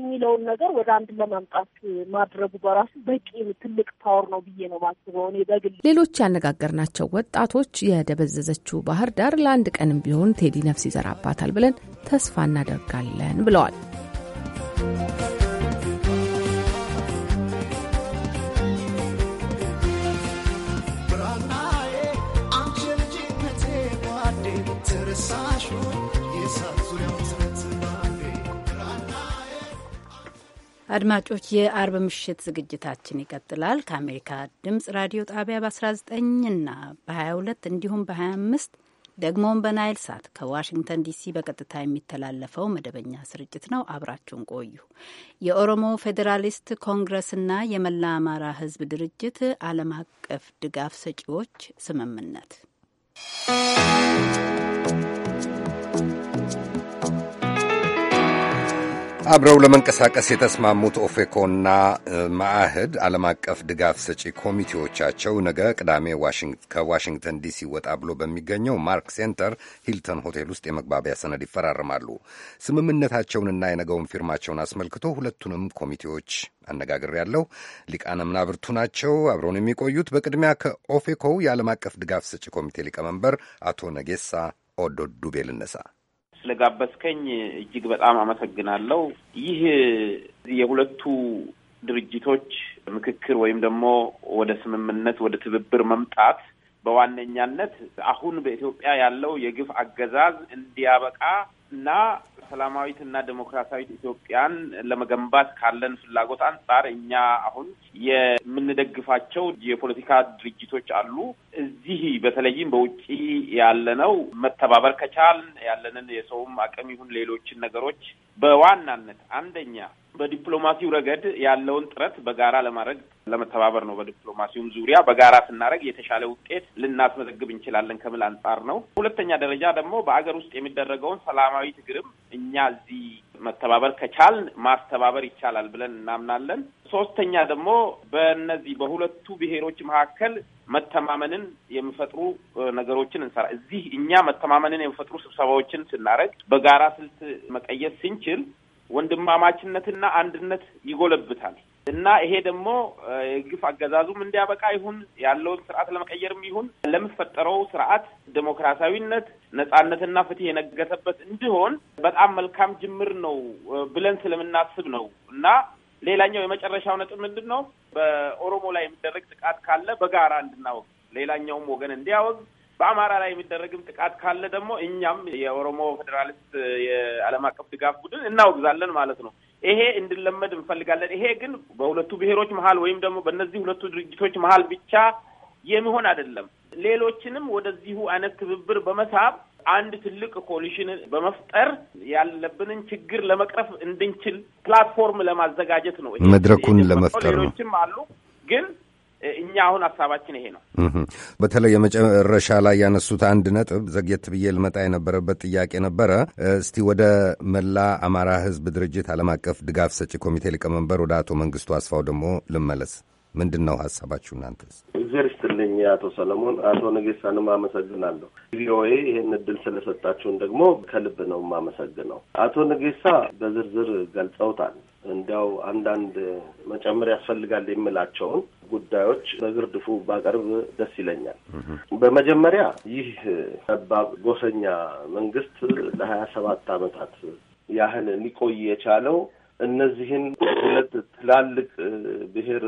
የሚለውን ነገር ወደ አንድ ለማምጣት ማድረጉ በራሱ በቂ ትልቅ ፓወር ነው ብዬ ነው ማስበው እኔ በግል። ሌሎች ያነጋገርናቸው ወጣቶች የደበዘዘችው ባህር ዳር ለአንድ ቀንም ቢሆን ቴዲ ነፍስ ይዘራባታል ብለን ተስፋ እናደርጋለን ብለዋል። አድማጮች የአርብ ምሽት ዝግጅታችን ይቀጥላል። ከአሜሪካ ድምጽ ራዲዮ ጣቢያ በ19 ና በ22 እንዲሁም በ25 ደግሞም በናይል ሳት ከዋሽንግተን ዲሲ በቀጥታ የሚተላለፈው መደበኛ ስርጭት ነው። አብራችሁን ቆዩ። የኦሮሞ ፌዴራሊስት ኮንግረስና የመላ አማራ ሕዝብ ድርጅት ዓለም አቀፍ ድጋፍ ሰጪዎች ስምምነት አብረው ለመንቀሳቀስ የተስማሙት ኦፌኮና ማአህድ ዓለም አቀፍ ድጋፍ ሰጪ ኮሚቴዎቻቸው ነገ ቅዳሜ ከዋሽንግተን ዲሲ ወጣ ብሎ በሚገኘው ማርክ ሴንተር ሂልተን ሆቴል ውስጥ የመግባቢያ ሰነድ ይፈራርማሉ። ስምምነታቸውንና የነገውን ፊርማቸውን አስመልክቶ ሁለቱንም ኮሚቴዎች ያለው ሊቃነ ምናብርቱ ናቸው አብረውን የሚቆዩት። በቅድሚያ ከኦፌኮው የዓለም አቀፍ ድጋፍ ሰጪ ኮሚቴ ሊቀመንበር አቶ ነጌሳ ኦዶ ዱቤ ልነሳ ስለጋበዝከኝ እጅግ በጣም አመሰግናለሁ። ይህ የሁለቱ ድርጅቶች ምክክር ወይም ደግሞ ወደ ስምምነት ወደ ትብብር መምጣት በዋነኛነት አሁን በኢትዮጵያ ያለው የግፍ አገዛዝ እንዲያበቃ እና ሰላማዊት እና ዴሞክራሲያዊት ኢትዮጵያን ለመገንባት ካለን ፍላጎት አንጻር እኛ አሁን የምንደግፋቸው የፖለቲካ ድርጅቶች አሉ። እዚህ በተለይም በውጭ ያለነው መተባበር ከቻል ያለንን የሰውም አቅም ይሁን ሌሎችን ነገሮች በዋናነት አንደኛ በዲፕሎማሲው ረገድ ያለውን ጥረት በጋራ ለማድረግ ለመተባበር ነው። በዲፕሎማሲውም ዙሪያ በጋራ ስናደረግ የተሻለ ውጤት ልናስመዘግብ እንችላለን ከሚል አንጻር ነው። ሁለተኛ ደረጃ ደግሞ በአገር ውስጥ የሚደረገውን ሰላማዊ ትግርም እኛ እዚህ መተባበር ከቻል ማስተባበር ይቻላል ብለን እናምናለን። ሶስተኛ ደግሞ በእነዚህ በሁለቱ ብሔሮች መካከል መተማመንን የሚፈጥሩ ነገሮችን እንሰራ እዚህ እኛ መተማመንን የሚፈጥሩ ስብሰባዎችን ስናደረግ በጋራ ስልት መቀየስ ስንችል ወንድማማችነትና አንድነት ይጎለብታል እና ይሄ ደግሞ የግፍ አገዛዙም እንዲያበቃ ይሁን ያለውን ስርዓት ለመቀየርም ይሁን ለሚፈጠረው ስርዓት ዴሞክራሲያዊነት፣ ነጻነትና ፍትህ የነገሰበት እንዲሆን በጣም መልካም ጅምር ነው ብለን ስለምናስብ ነው እና ሌላኛው የመጨረሻው ነጥብ ምንድን ነው? በኦሮሞ ላይ የሚደረግ ጥቃት ካለ በጋራ እንድናወግ ሌላኛውም ወገን እንዲያወግ በአማራ ላይ የሚደረግም ጥቃት ካለ ደግሞ እኛም የኦሮሞ ፌዴራሊስት የዓለም አቀፍ ድጋፍ ቡድን እናወግዛለን ማለት ነው። ይሄ እንድለመድ እንፈልጋለን። ይሄ ግን በሁለቱ ብሔሮች መሀል ወይም ደግሞ በእነዚህ ሁለቱ ድርጅቶች መሀል ብቻ የሚሆን አይደለም። ሌሎችንም ወደዚሁ አይነት ትብብር በመሳብ አንድ ትልቅ ኮሊሽን በመፍጠር ያለብንን ችግር ለመቅረፍ እንድንችል ፕላትፎርም ለማዘጋጀት ነው። መድረኩን ለመፍጠር ነው። ሌሎችም አሉ ግን እኛ አሁን ሀሳባችን ይሄ ነው። በተለይ የመጨረሻ ላይ ያነሱት አንድ ነጥብ ዘግየት ብዬ ልመጣ የነበረበት ጥያቄ ነበረ። እስቲ ወደ መላ አማራ ህዝብ ድርጅት ዓለም አቀፍ ድጋፍ ሰጪ ኮሚቴ ሊቀመንበር ወደ አቶ መንግስቱ አስፋው ደግሞ ልመለስ። ምንድን ነው ሀሳባችሁ እናንተስ? እግዜር ይስጥልኝ አቶ ሰለሞን፣ አቶ ንጌሳንም አመሰግናለሁ። ቪኦኤ ይህን እድል ስለሰጣችሁን ደግሞ ከልብ ነው የማመሰግነው። አቶ ንጌሳ በዝርዝር ገልጸውታል። እንዲያው አንዳንድ መጨመር ያስፈልጋል የምላቸውን ጉዳዮች በግርድፉ ባቀርብ ደስ ይለኛል። በመጀመሪያ ይህ ጠባብ ጎሰኛ መንግስት ለሀያ ሰባት አመታት ያህል ሊቆይ የቻለው እነዚህን ሁለት ትላልቅ ብሔር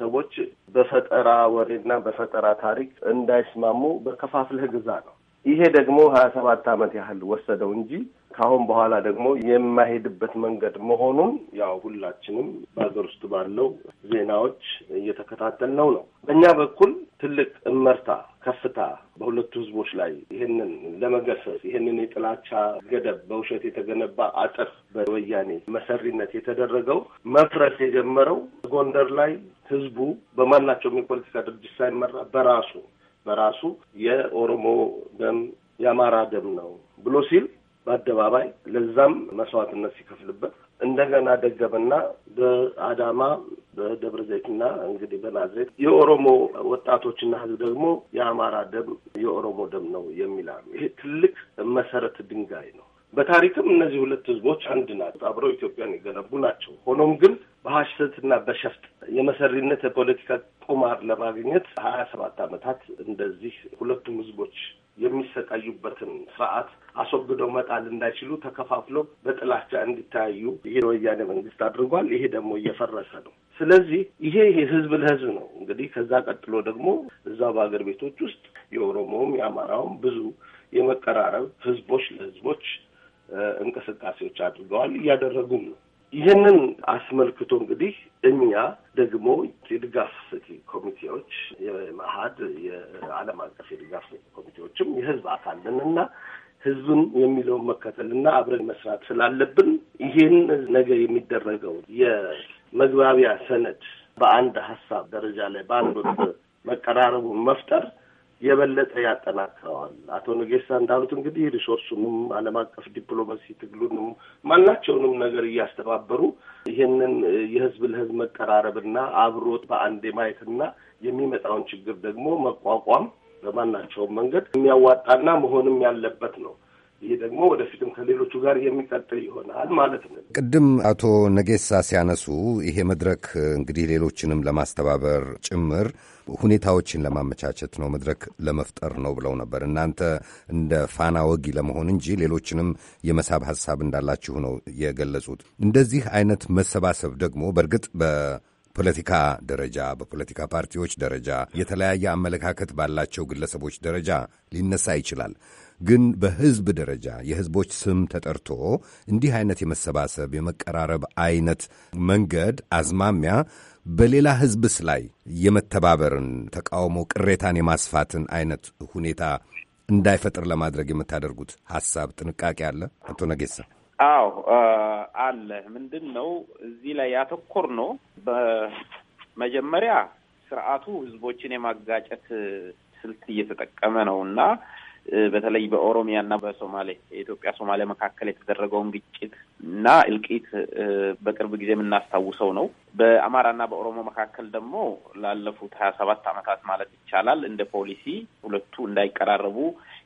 ሰዎች በፈጠራ ወሬና በፈጠራ ታሪክ እንዳይስማሙ በከፋፍለህ ግዛ ነው። ይሄ ደግሞ ሀያ ሰባት ዓመት ያህል ወሰደው እንጂ ከአሁን በኋላ ደግሞ የማሄድበት መንገድ መሆኑን ያው ሁላችንም በሀገር ውስጥ ባለው ዜናዎች እየተከታተልነው ነው። በእኛ በኩል ትልቅ እመርታ፣ ከፍታ በሁለቱ ህዝቦች ላይ ይህንን ለመገሰጽ ይህንን የጥላቻ ገደብ በውሸት የተገነባ አጥር በወያኔ መሰሪነት የተደረገው መፍረስ የጀመረው ጎንደር ላይ ህዝቡ በማናቸውም የፖለቲካ ድርጅት ሳይመራ በራሱ በራሱ የኦሮሞ ደም የአማራ ደም ነው ብሎ ሲል በአደባባይ ለዛም መስዋዕትነት ሲከፍልበት እንደገና ደገምና በአዳማ በደብረ ዘይትና እንግዲህ በናዝሬት የኦሮሞ ወጣቶችና ሕዝብ ደግሞ የአማራ ደም የኦሮሞ ደም ነው የሚላሉ። ይሄ ትልቅ መሰረት ድንጋይ ነው። በታሪክም እነዚህ ሁለት ሕዝቦች አንድ ናቸው። አብረው ኢትዮጵያን የገነቡ ናቸው። ሆኖም ግን በሀሰትና በሸፍጥ የመሰሪነት የፖለቲካ ቁማር ለማግኘት ሀያ ሰባት ዓመታት እንደዚህ ሁለቱም ህዝቦች የሚሰቃዩበትን ስርዓት አስወግደው መጣል እንዳይችሉ ተከፋፍለው በጥላቻ እንዲታያዩ ወያኔ መንግስት አድርጓል። ይሄ ደግሞ እየፈረሰ ነው። ስለዚህ ይሄ የህዝብ ለህዝብ ነው። እንግዲህ ከዛ ቀጥሎ ደግሞ እዛው በሀገር ቤቶች ውስጥ የኦሮሞውም የአማራውም ብዙ የመቀራረብ ህዝቦች ለህዝቦች እንቅስቃሴዎች አድርገዋል፣ እያደረጉም ነው። ይህንን አስመልክቶ እንግዲህ እኛ ደግሞ የድጋፍ ሰጪ ኮሚቴዎች የመሀድ የዓለም አቀፍ የድጋፍ ሰጪ ኮሚቴዎችም የህዝብ አካል ነን እና ህዝብን የሚለውን መከተልና አብረን መስራት ስላለብን ይህን ነገ የሚደረገው የመግባቢያ ሰነድ በአንድ ሀሳብ ደረጃ ላይ በአንድ ወቅት መቀራረቡን መፍጠር የበለጠ ያጠናክረዋል። አቶ ነጌሳ እንዳሉት እንግዲህ ሪሶርሱንም ዓለም አቀፍ ዲፕሎማሲ ትግሉንም ማናቸውንም ነገር እያስተባበሩ ይህንን የህዝብ ለህዝብ መቀራረብና አብሮት በአንዴ ማየትና የሚመጣውን ችግር ደግሞ መቋቋም በማናቸውም መንገድ የሚያዋጣና መሆንም ያለበት ነው። ይሄ ደግሞ ወደፊትም ከሌሎቹ ጋር የሚቀጥል ይሆናል ማለት ነው። ቅድም አቶ ነጌሳ ሲያነሱ ይሄ መድረክ እንግዲህ ሌሎችንም ለማስተባበር ጭምር ሁኔታዎችን ለማመቻቸት ነው፣ መድረክ ለመፍጠር ነው ብለው ነበር። እናንተ እንደ ፋና ወጊ ለመሆን እንጂ ሌሎችንም የመሳብ ሀሳብ እንዳላችሁ ነው የገለጹት። እንደዚህ አይነት መሰባሰብ ደግሞ በእርግጥ በ ፖለቲካ ደረጃ በፖለቲካ ፓርቲዎች ደረጃ የተለያየ አመለካከት ባላቸው ግለሰቦች ደረጃ ሊነሳ ይችላል። ግን በህዝብ ደረጃ የህዝቦች ስም ተጠርቶ እንዲህ አይነት የመሰባሰብ የመቀራረብ አይነት መንገድ አዝማሚያ በሌላ ህዝብስ ላይ የመተባበርን ተቃውሞ፣ ቅሬታን የማስፋትን አይነት ሁኔታ እንዳይፈጥር ለማድረግ የምታደርጉት ሀሳብ ጥንቃቄ አለ? አቶ ነጌሳ? አዎ አለ። ምንድን ነው እዚህ ላይ ያተኮር ነው። በመጀመሪያ ስርዓቱ ህዝቦችን የማጋጨት ስልት እየተጠቀመ ነው እና በተለይ በኦሮሚያና በሶማሌ የኢትዮጵያ ሶማሌ መካከል የተደረገውን ግጭት እና እልቂት በቅርብ ጊዜ የምናስታውሰው ነው። በአማራና በኦሮሞ መካከል ደግሞ ላለፉት ሀያ ሰባት ዓመታት ማለት ይቻላል እንደ ፖሊሲ ሁለቱ እንዳይቀራረቡ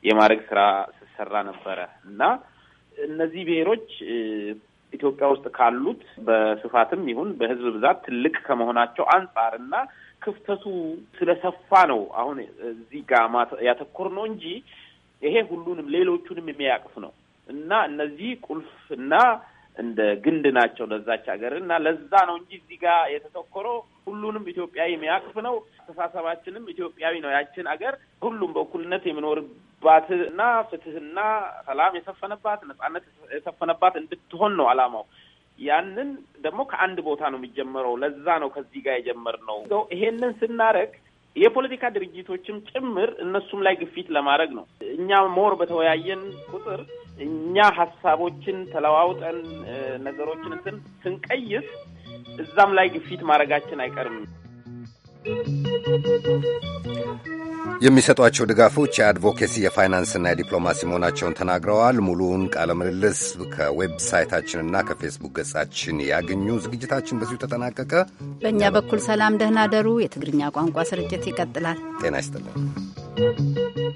የማድረግ ስራ ስሰራ ነበረ እና እነዚህ ብሔሮች ኢትዮጵያ ውስጥ ካሉት በስፋትም ይሁን በህዝብ ብዛት ትልቅ ከመሆናቸው አንጻር እና ክፍተቱ ስለሰፋ ነው አሁን እዚህ ጋር ያተኮር ነው እንጂ ይሄ ሁሉንም ሌሎቹንም የሚያቅፍ ነው እና እነዚህ ቁልፍ እና እንደ ግንድ ናቸው ለዛች ሀገር እና ለዛ ነው እንጂ እዚህ ጋር የተተኮረው ሁሉንም ኢትዮጵያዊ የሚያቅፍ ነው። አስተሳሰባችንም ኢትዮጵያዊ ነው። ያችን ሀገር ሁሉም በእኩልነት የሚኖርባት እና ፍትህና ሰላም የሰፈነባት ነጻነት የሰፈነባት እንድትሆን ነው አላማው። ያንን ደግሞ ከአንድ ቦታ ነው የሚጀመረው ለዛ ነው ከዚህ ጋር የጀመርነው። ይሄንን ስናደርግ የፖለቲካ ድርጅቶችም ጭምር እነሱም ላይ ግፊት ለማድረግ ነው። እኛ ሞር በተወያየን ቁጥር እኛ ሀሳቦችን ተለዋውጠን ነገሮችን እንትን ስንቀይስ እዛም ላይ ግፊት ማድረጋችን አይቀርም። የሚሰጧቸው ድጋፎች የአድቮኬሲ የፋይናንስና የዲፕሎማሲ መሆናቸውን ተናግረዋል። ሙሉውን ቃለ ምልልስ ከዌብሳይታችንና ከፌስቡክ ገጻችን ያገኙ ዝግጅታችን በዚሁ ተጠናቀቀ። በእኛ በኩል ሰላም፣ ደህና ደሩ። የትግርኛ ቋንቋ ስርጭት ይቀጥላል። ጤና ይስጥልን።